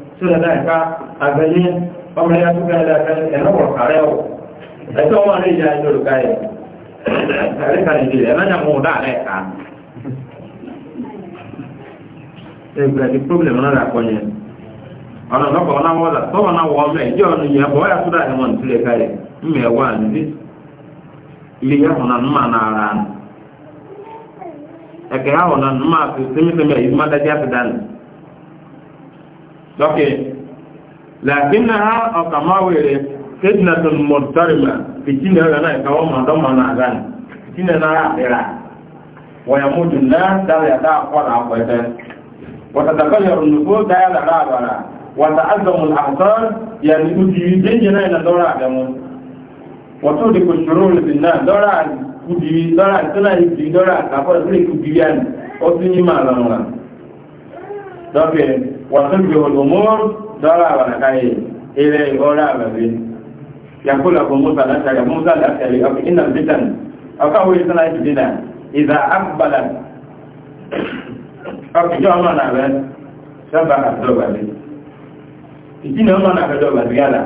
sódà náà eh, ya àgbẹ̀yẹ ọmọ ẹ̀yà tó gáyà dáadáa ẹ̀rọ wọ̀ kàrẹ́ ọ̀ ẹ̀tọ́ wọn lè yà ẹ̀jọ́ lùkà yẹ ẹ̀rẹ́ kan ìdílé ẹ̀ lọ́nyà mú dáa náà ká ẹgbẹ́ na lọ́kẹ́ làkínà ha ọ̀kà máa wèrè fitnatun mọ̀tọ́rìmà fìtínà rẹ̀ náà ìkàwọ́ mọ̀dọ́mọ̀ náà gánì fìtínà náà ìrà wọ̀yàmúdù náà dáríà dáa kọ́ra àpẹẹtẹ́ wàtàtàkọ́yọ̀rùn nùgbó dáyà lára àbàrà wata azamun asar ya ni kudi jinjina ina daura da mu wato da ku shuru da dinna daura kudi daura tana yi kudi daura kafar sai kudi yan o sun yi malama da وتنبه الأمور ضرر الخير إليه ولا به يقول أبو موسى الأشعري أبو موسى الأشعري إن الفتن أو كهو يسنى الفتنة إذا أقبلت أو جاء من أبد شبه ọmọ náà fẹjọ bàbí yàrá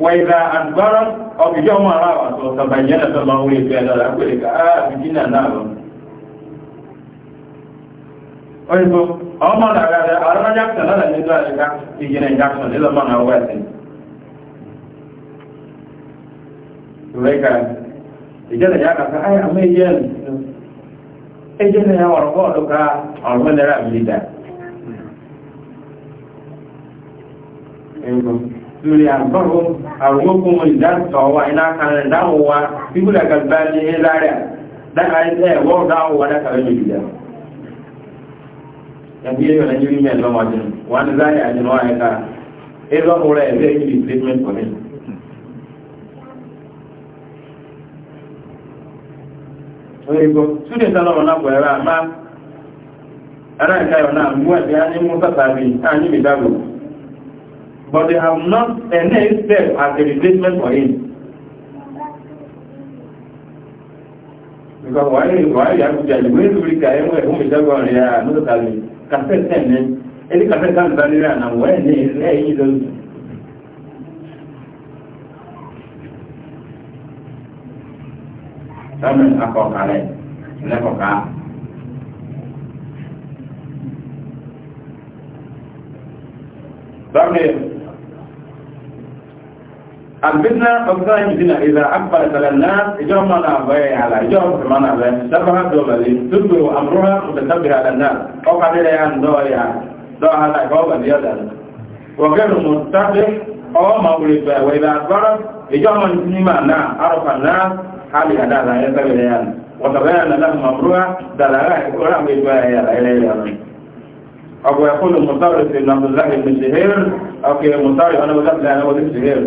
وإذا أدبرت أو بجوم رأت وتبينت الله لي في هذا الأقول لك آه بجنا نار Oyinbo, ọmọ dàgbà rẹ̀, àrọ́nà Jackson lọ́dà ní ìjọ àṣíká ìjìnà Jackson nílò mọ́ na ọwọ́ ẹ̀sìn. Ìrẹ́kà, ìjẹ́lẹ̀ ya kàkà, ayé àmì ìyẹ́ ẹjẹ́lẹ̀ ya wọ̀rọ̀ bọ́ọ̀lù ká ọ̀rọ̀ mẹ́lẹ́rà mílítà. Oyinbo lórí àgbọ́rò àrùgbókun ìdásọ̀wà ìlàkàrẹ dáwọ̀wà fíbùdà gàgbà ní ìlàrẹ̀ dákàrẹ́ ẹ̀wọ́ dáwọ̀wà dákàrẹ́ lòdìdà ẹgbẹ́ yóò rẹ̀ nírí mẹ́lọ wájú wọn láyé àjùmọ́ àyíká ẹlọ́pù rẹ̀ ẹgbẹ́ yìí treatment for him oyinbo túnde sọlọ wọn náà pẹ̀lú àmá aráàkáyọ̀ náà mú ẹ̀fẹ́ á ní mú sàtàbí á ní ìdágbò but they have not enhanced them as a replacement for him. Because why why you have to judge? When you read Kaya, when you read Kaya, yeah, no, that's all. Cassette ten, eh? Any cassette can be done, and when he is there, he does. Sáàmì akọ̀ọ̀kà rẹ̀ lẹ́kọ̀ọ̀ká. Sáàmì الفتنة أبدا يجينا إذا أكبرت على الناس إجاب ما نعبأي على إجاب ما نعبأي دفع الدولة تدبر أمرها متكبر على الناس أو قليل يعني دوا يعني دوا هذا قوة زيادة وغير متكبر أو مغرب وإذا أكبرت إجاب من سنما نا عرف الناس حالي هذا لا يتبع يعني وتبين لهم أمرها دلالة كلها بيتبع يعني إليه يعني أو يقول المطارس بن عبد الله بن شهير أو كي المطارس أنا وزبت أنا وزبت شهير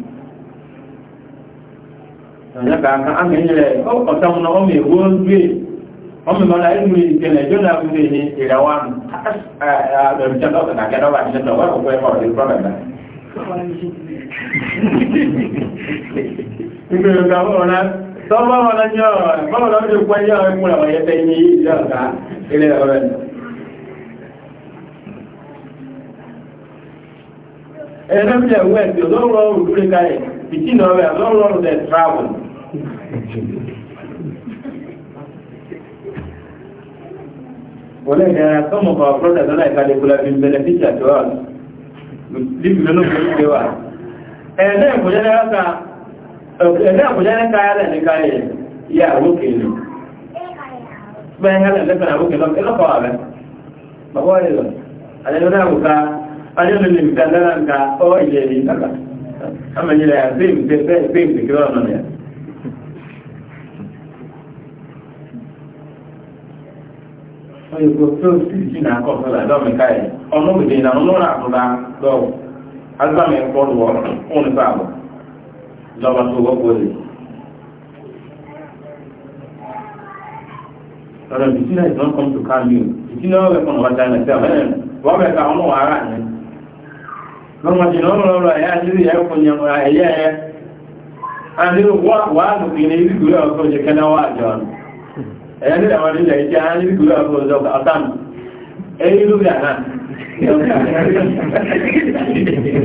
ọ̀nà kàkà ámì ilẹ̀ ọ̀tọ́mùnà ọmọ èwo gbé ọmọ ìmọ̀lá ìlú ìkẹlẹ̀ jọ́nà àfihàn ní ní ìjọ́ ọ̀gá ilẹ̀ ọlọ́rọ̀ ìtìnà ọ̀rẹ́ ọlọ́rọ̀ travel. Wale da some of our products are like they could have been beneficial to us. Leave me alone for the war. Ẹ̀ẹ́dẹ́ àkójá ní káyà lẹ́ ní káyà yà àwókè lò. Bẹ́ẹ̀ yálẹ̀ lẹ́fẹ̀ẹ́ àwókè lọ, ẹlọ́pàá wà bẹ́. Bàbá rẹ̀ lọ, àjẹ́lẹ́ àwòká, ajẹ́lẹ́ lè mìta lára nǹka ọ́ ìjẹ́ ìdí ìtàkà. Àmì ìjìnlẹ̀ àti ìpínpín ìpínpín kí lọ́nà rẹ̀. onye kwo to sisi na nke ọbụla dọmịka ya ọnụgide na ọnụrụ abụla dọwụ azami mkpọrụ ụnụ fa abụ lọba tó wọ́pọ̀ rẹ̀ ọ̀rọ̀ bìtínà is not come to calm you bìtínà ọ̀rẹ́ kan na china sí àwọn ẹ̀rọ wọ́n bẹ̀ ka ọmọ wàhálà ni lọ́mọ jìnnà ọmọ ọ̀rọ̀ ẹ̀yà àdírí ẹ̀yà fún yẹn ẹ̀yà ẹ̀yà àdírí wà á lùkì ní ibi ìgbìlẹ̀ ọ̀sọ̀ jẹ́ kẹ́nà wà àjọ ọ̀nà ẹ̀yẹ́ nílẹ̀ wọn nílẹ̀ ìjẹ́ á níbi kúrò àwọn ọ̀dọ́ àtàmì ẹ̀yìn lórí àná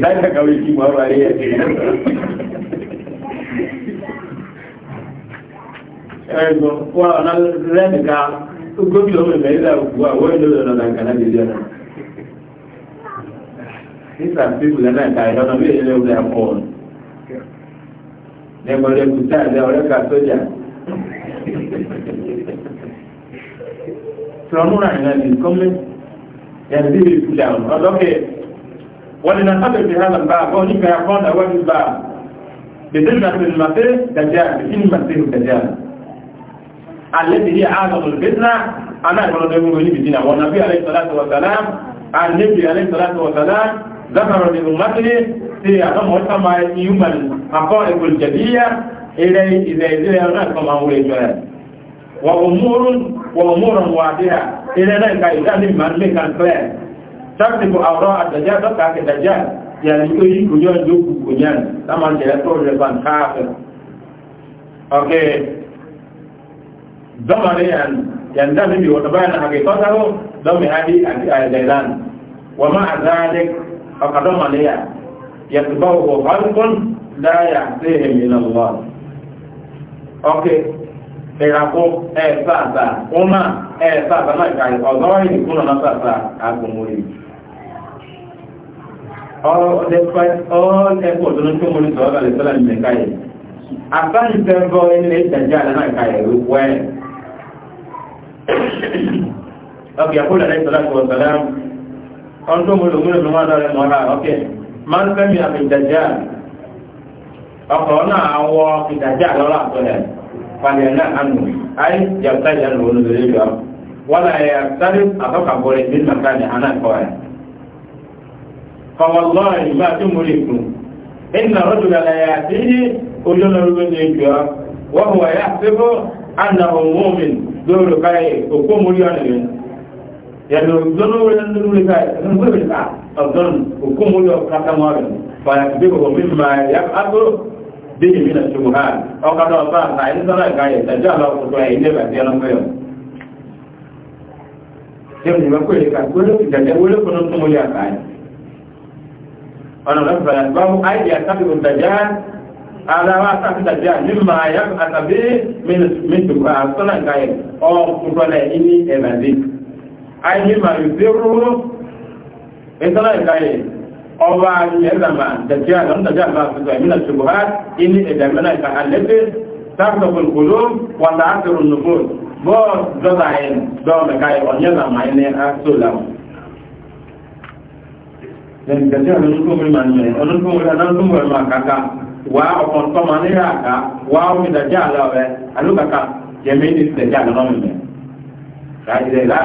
láìpẹ̀kàwé kí wọ́n wà rí ẹ̀ ẹ̀gbọ́n wà ọ̀nà lẹ́nìká gómìnà mẹ́fẹ́ ìlà òkú àwọn ìlú ọ̀nà ìkànnà ìdíjẹ́ náà nígbà tí kò lẹ́nà ìka ìlọ́nà bí èyí lẹ́wọ́ ẹ̀kọ́ ọ̀nà lẹ́gbọ̀n lẹ́gbùtà ẹ̀dẹ́ ọ̀rẹ́kà sójà from Nura and the government and they will put down. But okay, what is another to have a bar, or if you have found a what is bar, the difference in Masih, Dajjal, in Masih, Dajjal. التي هي عالم الفتنة أنا أقول لهم من الفتنة والنبي عليه الصلاة والسلام النبي عليه الصلاة والسلام ذكر لأمته في أهم وسمى يوم الحقائق الجدية إلى إذا إذا يغنى كما هو يجوز wa umurun wa umurun wadiha ila nan ka idan man me kan clear taktibu awra ad-dajjal to ka ke dajjal ya ni ko yi ko yon do ku ko nyan okay zamane yan yan da mi wa bayan hakikata ho da mi hadi al-dajjalan wa ma azalik faqad man ya yatbahu khalqun la ya'tihi min okay ẹ̀ràkó ẹ̀ẹ́sàtà ọmọ ẹ̀ẹ́sàtà náà kàrí ọ̀dọ́ ìdìkúnnà náà sàtà agbòmòrì all despite na kai fàlẹ́nà ànú ayé yàtá ìyànà olùdókè lọ wọ́n ayé sáré àtọ́kàbọ̀rẹ̀ bí màkà ní anákọ̀ rẹ̀. fọwọ́lọ́ ìgbà tí mo rí kù iná rọ́jò gàlà yà sí olóòrùn ní ìjọ wọ́n wọ̀ yà sí fún àná òun mi lóòrò káyé òkú mo rí ọ̀nà yẹn. yàtọ̀ lọ́nà lórí káyé ọ̀gbọ́n òkú mo rí ọ̀kátà mọ́ rẹ̀ fàyàtì bí kò به من الشبهات أو قد أصاب فإن ذلك يتجاهل خطوة إنما في الأمر يوم ما كل كل تجاهل كل ثم يقع أنا ربنا باب أي يتبع الدجال على ما الدجال مما يبعث به من من شبهات صلى أو خطوة إني أمازيك أي مما يسره إن ذلك ọba yadama dajjal wanda dajjal ba su zai mina shubuhat inni idamina ka halittin tafsakul kulum wanda asirun nufus bo zazayen don da kayi onye zama ne a solam dan dajjal ne ko mun man ne on ko mun nan ko mun ma kaka wa dajjal awe aluka ka yemi dajjal no mun ne ka ide la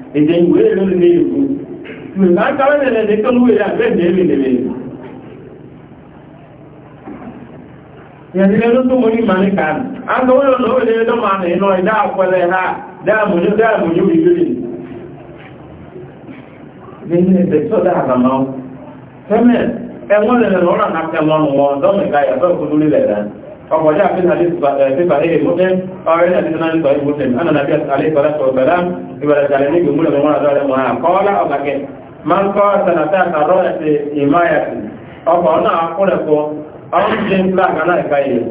èdè ìwé lórí ní ìlú ìgbà káwé lẹ́lẹ́ ní tọ́lúwé àgbẹ̀dẹ̀ èmi lẹ́lẹ́ yẹ̀dílẹ́ ló tó mú ní màníkà agbọ́wọ́lọ́ lọ́wọ́ lé ìdá وجاء في الحديث في صحيح مسلم قال ان حديثنا صحيح مسلم ان النبي عليه الصلاه والسلام يبقى تعلمني جمله من وانا قال او مكان من قال سنتاك الرؤيه حمايه او انا اقول لكم او جن لا انا كاي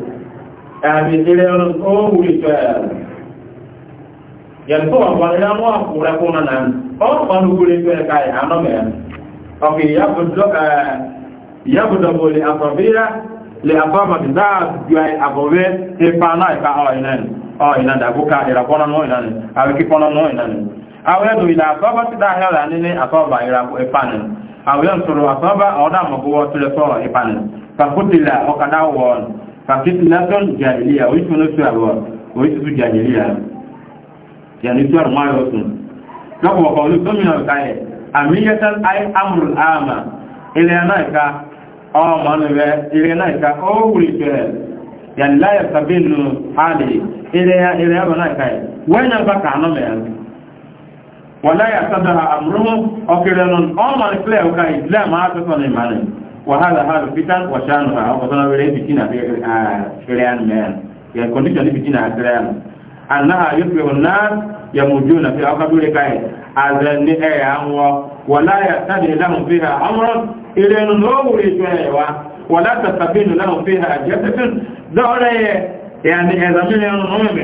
ابي ديرن او ويتا yẹn tó wọn wọn lẹ́nu ọkùnrin kún náà ọkùnrin kúrin tó ẹ̀ka ìhànà mẹ́rin ọkùnrin yàgùdọ̀ bọ̀lẹ̀ àtọ̀bíyà le abama da jai above e pana e ka oinen inan da buka ira kona no inan awe ki kona no inan awe do ila ababa da hala ni ni ababa ira ko e pana awe on toro ababa oda mo go o le so e pana fa kutila o kada won fa kitna ton jahiliya o itu no so abo o itu tu jahiliya yani tu arma yo sun na ko ko lu to mi na ka e amiyatan ay amrul ama ile na ka ọmọ nìrẹ ìrẹ náà ìka ó wùlì bẹ̀rẹ̀ yàní láyẹ̀ tàbí nù àlè ìrẹ ya ìrẹ ẹ̀rọ náà ìka yìí wẹ́nyà bá kà ánọ́ mẹ́rin wọ́n láyẹ̀ sábà àmúrúmú ọkẹrẹ nù ọmọ nìkílẹ̀ ọkà ìsìlẹ̀mù àtúntò ní ìmàlẹ̀ wàhálà hàlù fitan wàṣánù àwọn ọ̀sán أنها يفعل الناس يموجون في أخذ لكي أذني أي أمو ولا يستدي لهم فيها أمر إلى نظره لجوه ولا تستبين لهم فيها جسد دولة يعني إذا من ينظرهم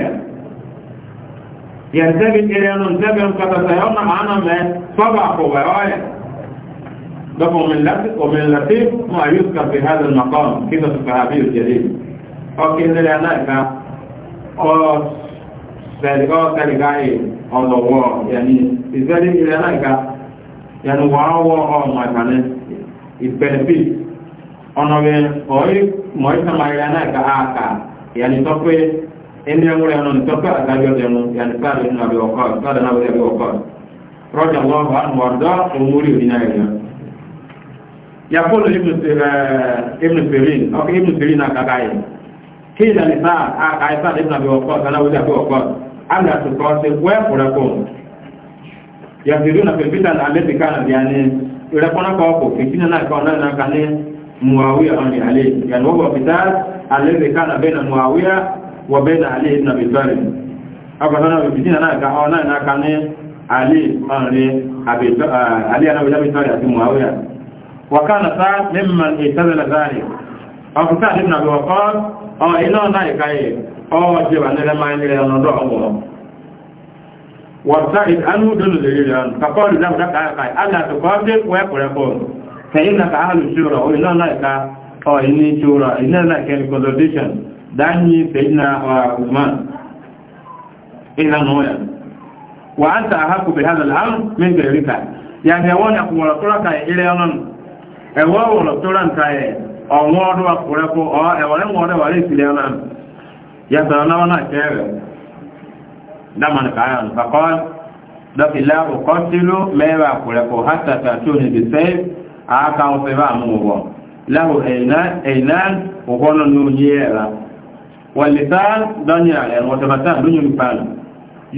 ينتبه إلى ننتبه قد سيرنا معنا من صباح ورائع دفعوا من لطيف ومن لطيف ما يذكر في هذا المقام كده في الصحابي الجديد أوكي إذا لأنا إذا Sẹ̀díkọ́ sẹ́díkà yìí ọ̀lọ̀wọ̀ yẹni ìsẹ́dí ilẹ̀ láìka yẹnu wọ́n wọ́ ọmọ ìpàlẹ̀ ìpẹ̀lẹ̀pì ọ̀nàwẹ̀ ọ̀yí mọ̀ísàmà ilẹ̀ láìka àkà yẹni sọ pé ẹni ẹmúrẹ̀ ẹnu sọ pé àtàjọ́ ẹnu yẹni sáàdì nínú àbẹ̀ ọkọ̀ sáàdì náà wọlé àbẹ̀ ọkọ̀ rọ́jà lọ́wọ́ àwọn ọ̀dọ́ òmúrí òdínà ẹ̀yàn يقول ابن سيرين او ابن سيرين كاي كيل لسان عائشة ابن ابي وقاص انا وجه ابي وقاص ala tukɔse wɛɛ kura ko yafiru na pepita na ale bi na biane ire kɔnɔ kɔ ko fitina na kɔnɔ na ka ne muawiya ɔni ale yanni o bɔ fita ale bi ka na bɛ na muawiya wa bɛ na ale na bi tɔri akɔsɔ na fitina na ka ɔna na ka ne ale ɔni a bi tɔ ale yana muawiya wa na sa ne ma ne tɛbɛ la zaari akɔsɔ ale na bi wa kɔ ɔ ọwọ́ jẹba nílẹ̀ máa ń nílẹ̀ ọ̀nà ọ̀wọ̀ wọ̀tá ìdánú dúnú lè rírẹ̀ ka kàkọ́ ìdámù dákàáyàkáì alàtùkọ́ dé wẹ́pẹ̀rẹ̀kọ́ kẹ̀yìn nàkà ka ṣúra òun náà láìka ọ̀ ìní ṣúra ìní láìkẹ́ consolidation ị fẹ̀yìnà ọ̀rùmán ìlànà ọ̀yà wà á ń ta àhákù bẹ̀ hádà láàrùn ya يسألون الشعر دمن كعيان فقال دف الله أقتل ميوا كلكو حتى تأتوني بالسيف آكا وصبا موغو له عينان عينان وغن نونيرا واللسان دنيا لأن وتبتان دنيا مبان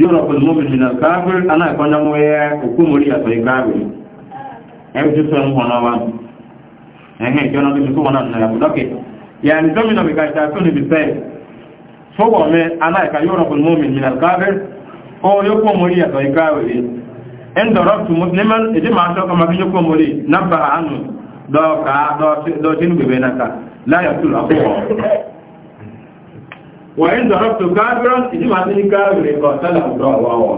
يرق المؤمن من الكافر أنا أكون مويا وكم لي أصيب كافر أي تسوى مهنوا أهي كنا بمسوى نحن يا يعني زمنا بكاتا تأتوني بالسيف sọ́wọ́ mẹ́ anáìka yóò rọ̀bùn mọ́mìn min alkafir ó yóò kó mọ́rí àtọ̀ ikáwèrè in da rọ̀tù musliman ìdí máa sọ́kọ́ ma fi yóò kó mọ́rí náà bá hànú dọ́ọ̀ká dọ́ọ̀tín gbẹ̀bẹ̀ náà láyà tù lọ́pọ̀ wà in da rọ̀tù káfíran ìdí máa sí ikáwèrè kọ̀ sálà ọ̀dọ́ ọ̀wọ́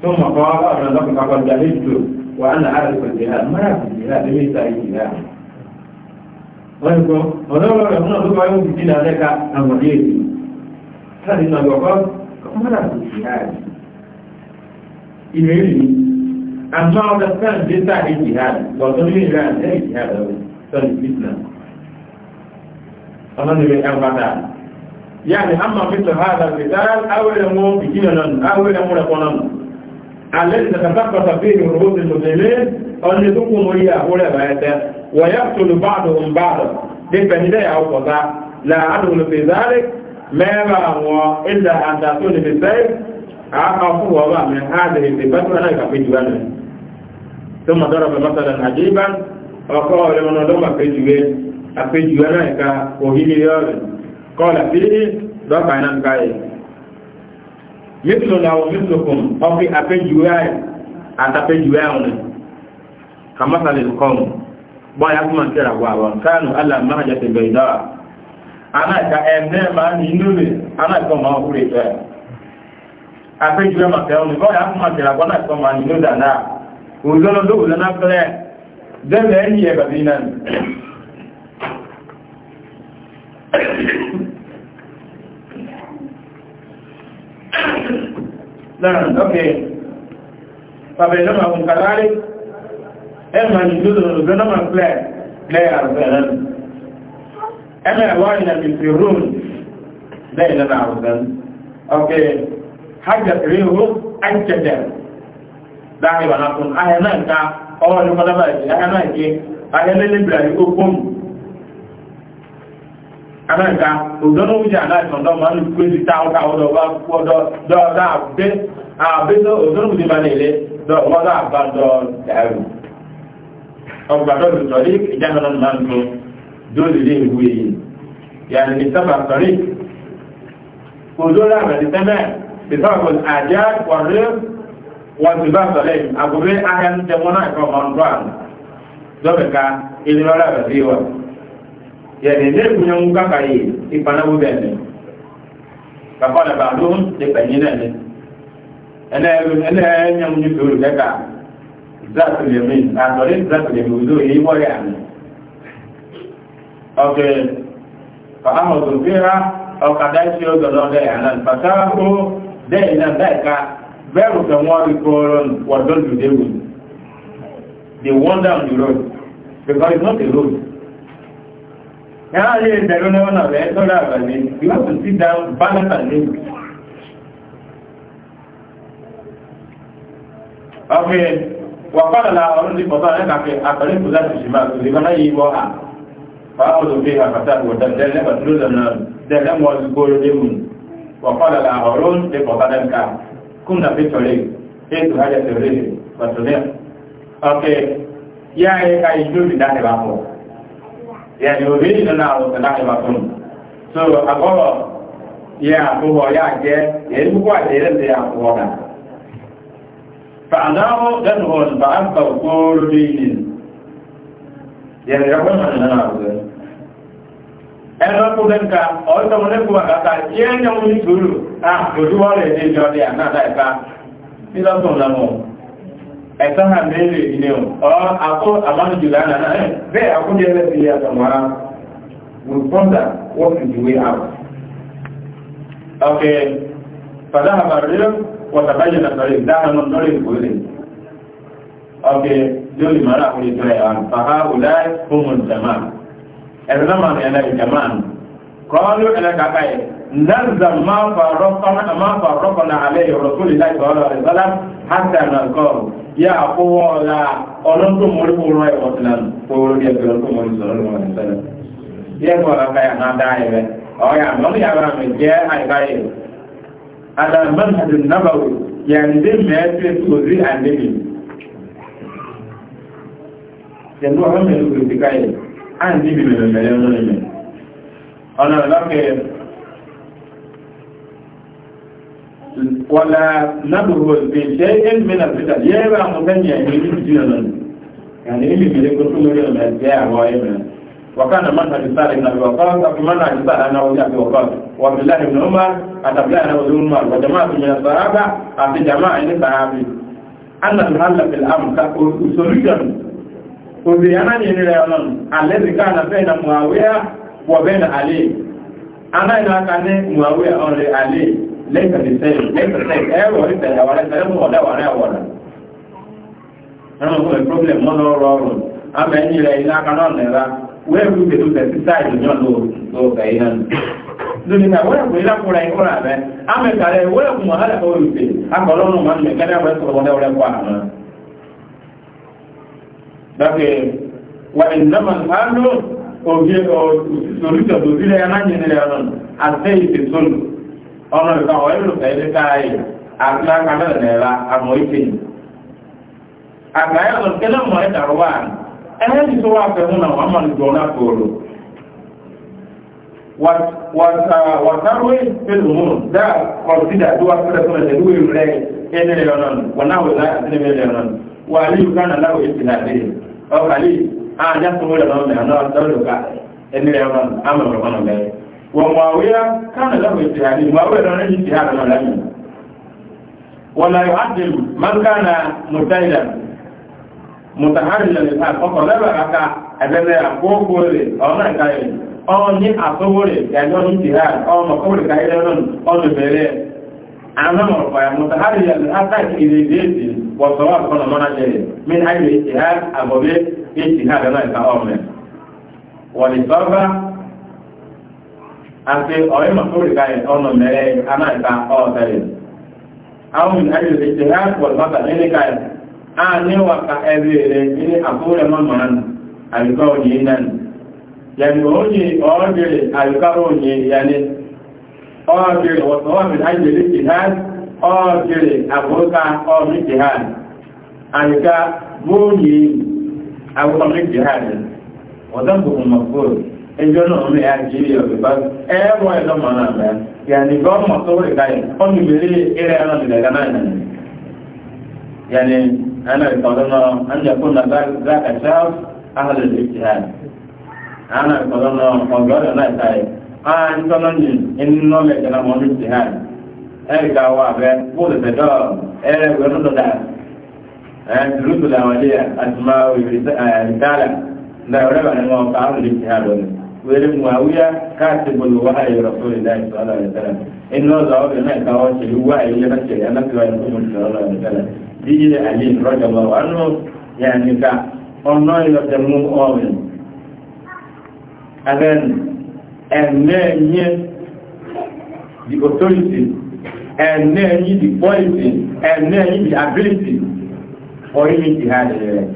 tó mọ̀ kọ́ wá bá ọ̀rọ̀ lọ́kùnkà kọjá lẹ́jọ́ wà á nà á rẹ̀ kọjá mọ́ra ọ̀rẹ́gbọ́ ọ̀dọ́rọ̀ rẹ̀ múnà tó bá yóò fìdí náà lẹ́ka àmọ̀dé èdè láti nà gbọ́gbọ́ kọmọ́dà kò sí ààrẹ ìrèlì àmọ́ ọ̀dọ̀ sáà dé sáà dé jihad lọ́dọ̀ ní ìrẹ́ àti ẹ̀yìn jihad lọ́wọ́ sọ́ni fitna ọlọ́nìwé ẹgbàdà yá ni a máa fitna ha àdà fi dára awẹ́rẹ́ mú ìdí náà awẹ́rẹ́ mú rẹ̀kọ́ náà alẹ́ ìtàkàtà pàtàkì ìròyìn òṣèlú ọ̀nà ìdókòmórí àkórẹ̀ àbáyẹ́tẹ́ ويقتل بعضهم بعضا دي فنيدة أو قضاء لا أدخل في ذلك ما هو إلا أن تأتوني بالسيف أقف وما من هذه الصفات ولا يكفي جوانا ثم ضرب مثلا عجيبا وقال لمن ضم في جوانا أفي جوانا كوهيني يوم قال فيه ضرب عنا كاي مثلنا ومثلكم أفي أفي جوانا أتفي جوانا كمثل القوم ya kuma kira gwaban kanu Allah mahajjatin bai dawa ana ka ene ma ni nune ana ka ma ọhụrụ ta ape jure ma ka ni baya kuma kira ka ma ni nunda na uzono do uzana na dan da ni e badinan dan okay fa bainama hum kadhalik ẹ̀mà ní lọ́nà plẹ̀ plẹ̀ àrùbẹ̀rẹ̀ ẹ̀mà ẹ̀wọ́ ìyàmì sí rúm lẹ́yìn lọ́nà àrùbẹ̀rẹ̀ ọkẹ́ hajjẹ̀rẹ̀ ihò ajẹ́jẹ̀ dáhìwà náà fún ahẹ́ náà ká ọwọ́ ní kọ́lábà ìdí ahẹ́ náà ké ahẹ́ lẹ́lẹ́bìrì okùn anáǹkà òdọ́nà oúnjẹ aláìsàndọ́ ma ń kó sí táwọ́ká ọdọ̀ wá pọ́dọ̀ dọ́ọ̀dá àbẹ́ àbẹ́ òdọ́nà oúnjẹ bá nílé dọ́ọ̀dá àbádọ́ ẹ̀rù ọgbàdọ́ ìtọ́lé ìjáhànà náà ní dóòlìlé ìwú èyí yàrá ní sábà sọ̀rí òdóòlà àgbàdì sẹ́mẹ̀ ìtọ́kọ̀ àjá wọ̀rẹ́ wọn ti bá sọ̀lẹ̀ àgbòrí ahẹ́ ń tẹ mọ́nà ẹ̀kọ́ mọ́ndọ́ àná dọ́bẹ̀ka ìlúwọ́lá àgbàdì wa yàrá ní ìpínlẹ̀ ń kákà yìí ìpanáwó bẹ̀rẹ̀ kàkọ́ ذات اليمين عن طريق ذات اليمين وجوهه ويعني أوكي فأمضوا فيها أو قد يشيروا دلوه يعني فساقوا دينا ذاك بيرو كمواري كورون ودون جديد They wander on the road because it's not the road. Now, there is the only one of the other You have to sit down, balance and think. Okay. وقال لها أرون لي فطان لك أقريب ذات الشمال لمن أي وقع فأخذ فيها فتاه وتدل فتلوز من دلم والقول لمن وقال لها أرون لي فطان لك كنا في طريق إيت هذا الريح فتنير أوكي يا إيكا يجوب داني بابو يعني يريد أن أعرف داني بابو so أقول يا أبوه يا جد يا أبوه يا جد يا أبوه فعناه دنه البعب وقول دين يعني ربنا أننا نعوذ ẹ̀rọ kó dẹ́ka ọ̀ọ́tọ̀ wọn lẹ́kọ̀ọ́ àkàtà tí ẹ̀ ń yẹun ní sùúrù àkójúwọ́ rẹ̀ ní ìjọ rẹ̀ àmàdà ẹ̀ka nílọ́tún lọ́mọ ẹ̀sán hàn mẹ́rin ilé ọ̀ àkó àmánìjìlá náà bẹ́ẹ̀ àkójẹ́ lẹ́sìn ilé àtọ̀mọ́ will ponder what is the way out. Okay. فذهب الرجل وتبين الطريق دعم الطريق إليه أوكي دول ما راحوا يتريعون فهؤلاء هم الجماعة إذا ما أنا الجماعة قالوا أنا كأي نلزم ما فرقنا ما فرقنا عليه رسول الله صلى الله عليه وسلم حتى نلقاه يا أخوه لا أنتم مريبوا رأي وسلم فوروا يا أنتم مريبوا صلى الله عليه وسلم يا أخوه لا كأي أنا داعي أو يا من يا من جاء هاي على منهج النبوي يعني دي ما يتم توزيع النبي يعني هو هم الكريتيكاي عن دي من المليون نمي أنا لك ولا نبهل بشيء من الفتن يبقى مكان يعني يجب جنة يعني إلي ملك كل مريم الجاع وإيمان وكان منهج سعد بن ابي وقاص وفي منهج سعد انا وابي ابي وقاص وعبد الله بن عمر اتى عبد الله بن عمر وجماعه من الصحابه اتى جماعه من الصحابه ان الحل في الامر سوليوشن وبيانا ينيرون الذي كان بين معاويه وبين علي انا اذا كان معاويه او علي ليس بالسيف ليس بالسيف ايوه وليس ولا سلام ولا ولا ولا انا هو البروبلم مونو رورو اما اني لا اله الا الله wẹ́ẹ̀rù pẹ̀lú pẹ̀sísáìdì náà ló ọ̀gá iná nù lónìí wẹ́ẹ̀kùn ìlàkùnrin ẹ̀kùnrin àbẹ́ amẹ́kàrẹ́ wẹ́ẹ̀kùn mọ̀hálàkọ̀ olùfẹ́ akọ̀lọ́nù máa ń lè kẹ́lẹ́ àwọn ẹ̀sọ̀rọ̀ wọn lẹ́wọ́lẹ́ pa àná dákẹ́ wà ìnáwó àánú òbí òṣìṣẹ́ òṣìṣẹ́ anáyẹnilẹ̀ ọ̀nà àti ìṣẹ̀tún ọ̀nà ìkan ọ̀ẹ́lùfẹ́ ilé káàyè àti lákàlẹ̀ nẹ̀ra àmọ́ ìṣẹ̀yìn àgbáyé ọ̀sẹ̀ lọ́mọ ẹ̀dàrúwà ẹni tó wá fẹ̀mú na wọ́n máa jọ náà tòrò wàtàrò ìfẹ́lùmù dáa kọ̀sídà tó wá fẹ́rẹ̀ fún ẹ̀lú rẹ̀ ẹni lẹ́ọ̀nàn wọ́n náà wọ́n láti ní lẹ́ọ̀nàn wà ní ìkànnà láwọ̀ ìpìlà rẹ̀ ọkàlì àjá tó wọ́n lẹ́ọ̀nà náà tọ́lùkà ẹni lẹ́ọ̀nàn àmọ̀rọ̀ mọ́nà mẹ́rin wọ́n wà wíyá kánà láwọ̀ ìpìlà rẹ̀ wọ́n wẹ̀ lọ́rẹ́ ní ìpìlà rẹ̀ lọ́rẹ́ mùtàhánilẹ̀ nìta ọkọ̀ lẹ́bẹ̀ aka ẹ̀bẹ̀bẹ̀ àkókò rẹ̀ ọ̀nà ìkáyẹ̀ ọ̀ní àtọwò rẹ̀ ẹ̀jọ́ ní ti rà ọmọ kọ́wọ́ rẹ̀ káyẹ̀ lọ́nà ọdún bẹ̀rẹ̀ anamọ̀rọ̀fà mùtàhánilẹ̀ nìta ìrẹ̀ ìdíyèsí wọ̀sọ̀wọ́ àkọ́nà mọ́nà jẹ́rẹ̀ mí ayé ti rà àgọ́bẹ́ ti rà lọ́nà ìta ọmọ wọ̀lì sọ́ba àti ọ̀rẹ́ mọ̀kọ́wọ́ rẹ̀ káyẹ̀ ọ̀nà mẹ́rẹ̀ anáìta ọ̀ ani waka ebere ni abure mamanu alikuwa onye nani yani onye ordere alikuwa onye yani ordere wasawa min ajli jihad ordere abuka ordere jihad alika na ya أنا يقولنا أن يكون ذاك شاف أهل الاجتهاد أنا يقولنا فقال أنا يتعي آه يقولنا إن نولك أنا من الاجتهاد أرجع وابع بولد الدار أرجع ونود دار الدروس الأولية أسماء ورسالة لا أريد أن أقول أهل الاجتهاد ويرم معاوية كاتب الوحي رسول الله صلى الله عليه وسلم إنه ذهب لنا كواشه وحي لنفسه أنا في وحي رسول الله صلى الله عليه وسلم bíi àlè ìrọ́jọba wà nù yànníkà ọ̀nà ìlọ́tẹ̀mú ọ̀rìn ẹ̀rẹ́n ẹ̀mẹ́ẹ̀yẹ the authority ẹ̀mẹ́ẹ̀yẹ the policy ẹ̀mẹ́ẹ̀yẹ the ability for him to have it.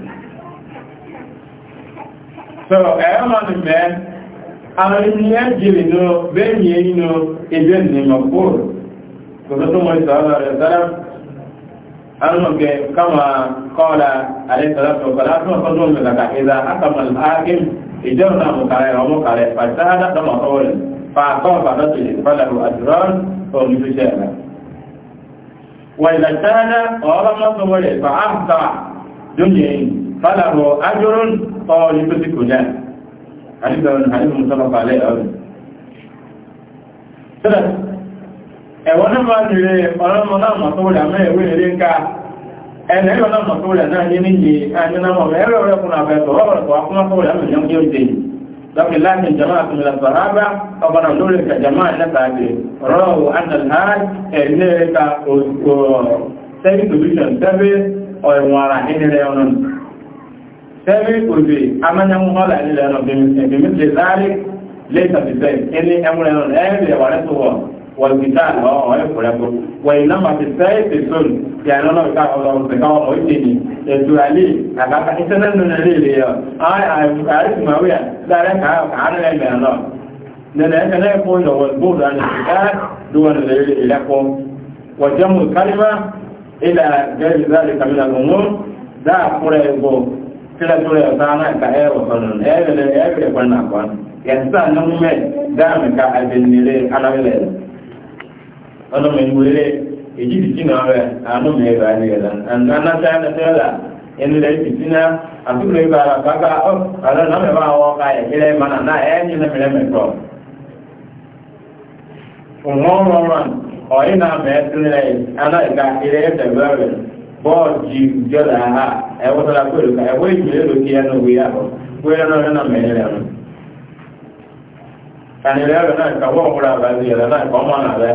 so ẹ̀rọ máa ń mẹ́ àwọn ènìyàn jìrì nù bẹ́ẹ̀ ni èyí nù ẹgbẹ́ ìnìyàn kúrò kò tó tó mọ̀ ìsọ̀rọ̀ rẹ̀ sára أنك كما قال عليه الصلاة والسلام فضل لك إذا حكم الحاكم إجرنا مكاره ومكاره فاجتهد دم طول فأصاب رجل فله أجران فهم بشأنه وإذا اجتهد ورم طول فأخطأ دنيا فله أجر فهم بشأنه حديث من حديث متفق عليه أولا ẹ̀wọ́n náà máa jùlẹ̀ ọlọ́mọ náà mọ̀ tó rẹ̀ mẹ́ ìwé ilé ńká ẹ̀nà ẹ̀rọ náà mọ̀ tó rẹ̀ náà yé níye àjẹ́nàmọ̀ ẹ̀rọ rẹ̀ kùnà àbẹ̀tọ̀ ọ̀rọ̀ ọ̀kùnà tó rẹ̀ mẹ́jọ́ yóò dé لكن لكن جماعة من الصحابة فقد أولئك جماعة نفعه رأوا أن الهاج إليك سيد بيشن سبي ويوارا حين ليونون سبي وفي أمن يمغل أن ليونون بمثل ذلك ليس بسيد إني أمر ليونون أهل يوارثه والقتال وهو يفرق وإنما في السائل في السن يعني أنا بتاع الله بتاع الله وإني الدولي أنا بحس أن الدولي أنا أعرف ما هو لا لك أنا لا أنا لأنك لا يكون هو البعد عن القتال دون الدليل لكم وجمع الكلمة إلى غير ذلك من الأمور ذا فرق kila tura ya sana ka e wa sanan e le e le kwanna kwan ya sa nan me da me ka abin ne le ala le na na a ọdún mi wéré èjì fìtínà rẹ̀ àánú mi rà ní ẹ̀lá ànáṣá ẹ̀lá ẹnilẹ̀ fìtínà àtúrò ibà rà bàbá ọ̀ àlọ́ náà mẹ́fà wọ́n ká ẹ̀kẹ́lẹ́ mọ́nà náà ẹ̀ ní lẹ́mìlẹ́ mẹ́kọ̀ ọ̀rọ̀rọ̀n ọ̀yìn náà mẹ́tìlẹ̀ anáìka ilẹ̀ ẹ̀fẹ̀ bẹ́ẹ̀rẹ̀ bọ́ọ̀jì jọ́lá ha ẹ̀wọ́sọ̀lá pẹ̀lú ká ẹ̀wọ́ ìjìlẹ̀ lókè ẹnu wíyàwó wíyà náà náà mẹ́rẹ̀ rẹ̀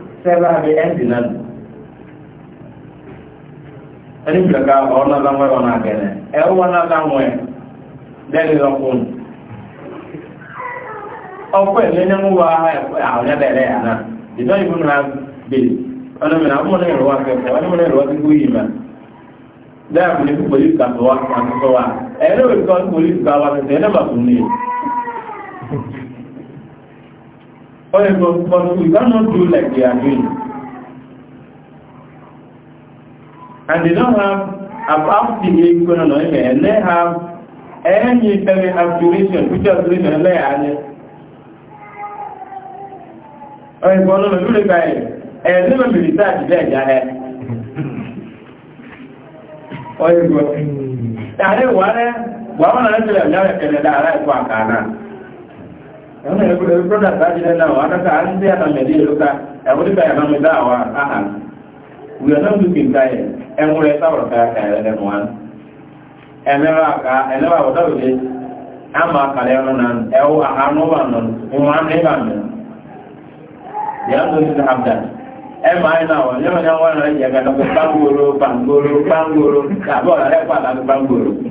a sẹ́rà ní ẹ́ndì náà nù ẹni bìlẹ̀ká ọ̀nà láwọn ẹ̀wọ̀n náà gẹ̀ẹ́nẹ̀ ẹ̀wọ̀n náà láwọn ẹ̀ lẹ́nu lọ́kùn ọkọ̀ ẹ̀mí ní wọ́n wá àwọn ẹ̀bẹ̀rẹ̀ yà náà ìdọ́ ìbú náà bèèrè ọ̀nà mìíràn àwọn ọmọdé ìrọ̀wá kẹfẹ́ ọ̀nà mìíràn ìrọ̀wá ti gbó yìí mà dáàbò ní pòlìsì kàtọ́wà àtúntọ́wà ẹ̀rọ ìkọ́ pòlìsì kàwà tẹ̀sẹ̀ ẹ̀ But, but we cannot do like they are doing. And they don't have, apart from economy, and they have any any aspiration, which aspiration eh? eh, they are. Ọ̀yẹ̀kọ́ ọlọ́rọ̀ ló lè báyìí, ẹ̀yẹ̀ tí wọ́n bèèrè sáà jìdá ìjá ẹ. Ọ̀yẹ̀kọ́, tààrẹ wà rẹ̀, wà wọ́n náà rẹ̀ tẹ̀lẹ̀ ìjá rẹ̀ tẹ̀lẹ̀ dáa rẹ̀ kọ́ àkàrà náà. yana ya kudu kudu da ji da nawa da ka an biya nan da ruka ya wuri da yana da wa aha we are not looking kai en wuri ta wa ka ka ya da nuwan enera ka enera amma ka le nan e wa ha no wa nan in wa ne ba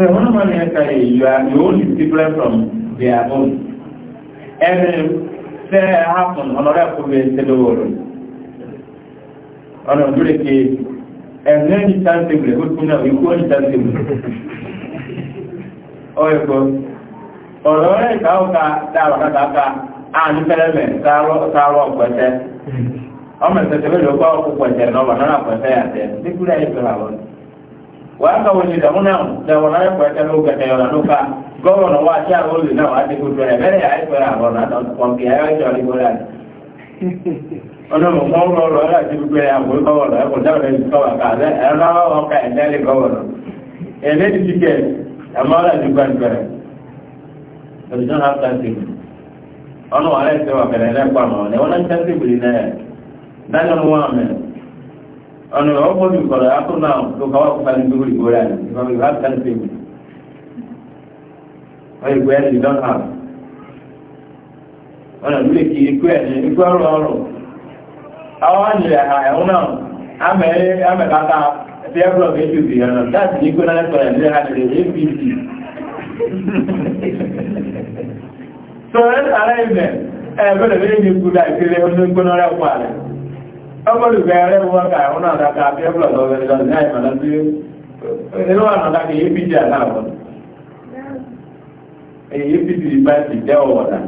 So one money carry, you are the only people from their own. And uh, say happen on a rap of the world. On a break, and then it's something we could know, you could something. Oye ko, ọ̀rọ̀ rẹ̀ ìta ọ̀ka dáwọ̀ kátàkà àní fẹ́lẹ́mẹ̀ sáárọ̀ ọ̀pẹ̀tẹ́. Ọmọ ìṣẹ̀tẹ̀ mélòó kọ́ ọ̀pẹ̀tẹ̀ náà wà náà pẹ̀tẹ́ àtẹ́. Nígbúrẹ́ ìfẹ́ làwọn waka wulida muna da wala ko ta luga da wala nuka gono wa ta wuli na wa ta ku dole bere ai ko ra wala da ko ki ai ta ni wala ono mo mo ro ro ra ti ku ya wo ko wala ko da le ko wa ka le ra o ka da le ko wala e le ti ke amara ju kan bere da jan ha ta ti ono wa le se ọ̀nà ìwọ̀n mọ́jú kọ̀rọ̀ akó náà tó kọ́wọ́ kọ́kọ́ ní gbogbo ìgbò rẹ̀ ìfọ̀n ìwà kan sí mi wọ́n ìgbò ẹ̀ lìdọ́n hàn ọ̀nà ìlú èkì ikú ẹ̀ ní ikú ọ̀rọ̀ ọ̀rọ̀ àwọn àjẹ́ àhà ẹ̀hún náà amẹ̀rẹ̀ amẹ̀kàkà ti ẹ̀kọ́ méjì bì ọ̀nà láti ní ikú náà sọ̀rọ̀ ẹ̀dẹ́ àdèrè apc sọ̀rọ̀ ẹ̀dẹ́ àrẹ́ ìbẹ̀ ẹ̀ẹ́dẹ́ a ọgbọ́dù bẹ̀rẹ̀ wọ́n ká wọn àdàkà abẹ́bùlọ̀ lọ́wọ́ ẹ̀dọ́ ní àìmọ̀ lọ́dún inú àwọn àdàkà yìí bí jà náà wọ́n èyí bí bí bá ti jẹ́ ọ̀wọ̀dà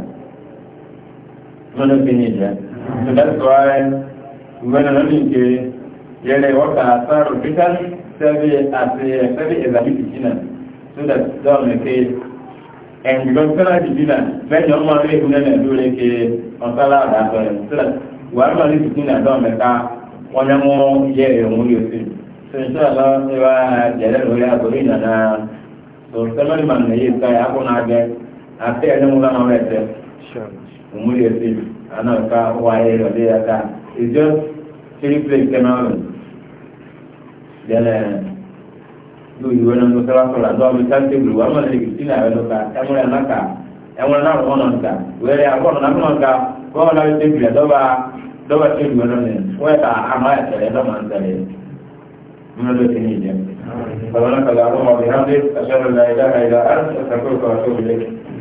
lọ́dún bí ní ìjẹ́ ìdásọ̀ ààrẹ ìwẹ́nà lọ́dún ìjẹ́ yẹlẹ̀ wọ́kà sáàrù peter sẹ́bí àti sẹ́bí ìzàbí kìkínà tó dà dọ́ọ̀mù ké ẹ̀ǹgbọ́n sẹ́lá dìbìnà bẹ́ẹ̀ ni ọmọ rẹ̀ ìhun buhari náà ní tuntun náà dán mẹ́ta wọn ní wọn yẹ ẹwọn yóò fi sèǹtà lọ sí wa jẹrẹ lórí àgbórí nàná sọsẹmẹlì màmì nìyí sọ yà kó náà gẹ àti ẹni wọn náà rẹ tẹ òun yóò fi àná ká wà ayé rẹ lé yàtá ìjọ three place kẹmẹrin jẹlẹ lórí ìwé náà lọsẹ wà sọlá lọ àbí sáà tébùlù wà mọlẹ kìtì náà lọ́wọ́ tí ìlú ọlọ́run wọ́n ẹ̀ka àmọ́ ẹ̀tẹ̀rẹ̀ lọ́mọ ń tẹ̀lé nínú ló ti ní ìjẹun. bàbá náà kàlà àwọn ọmọ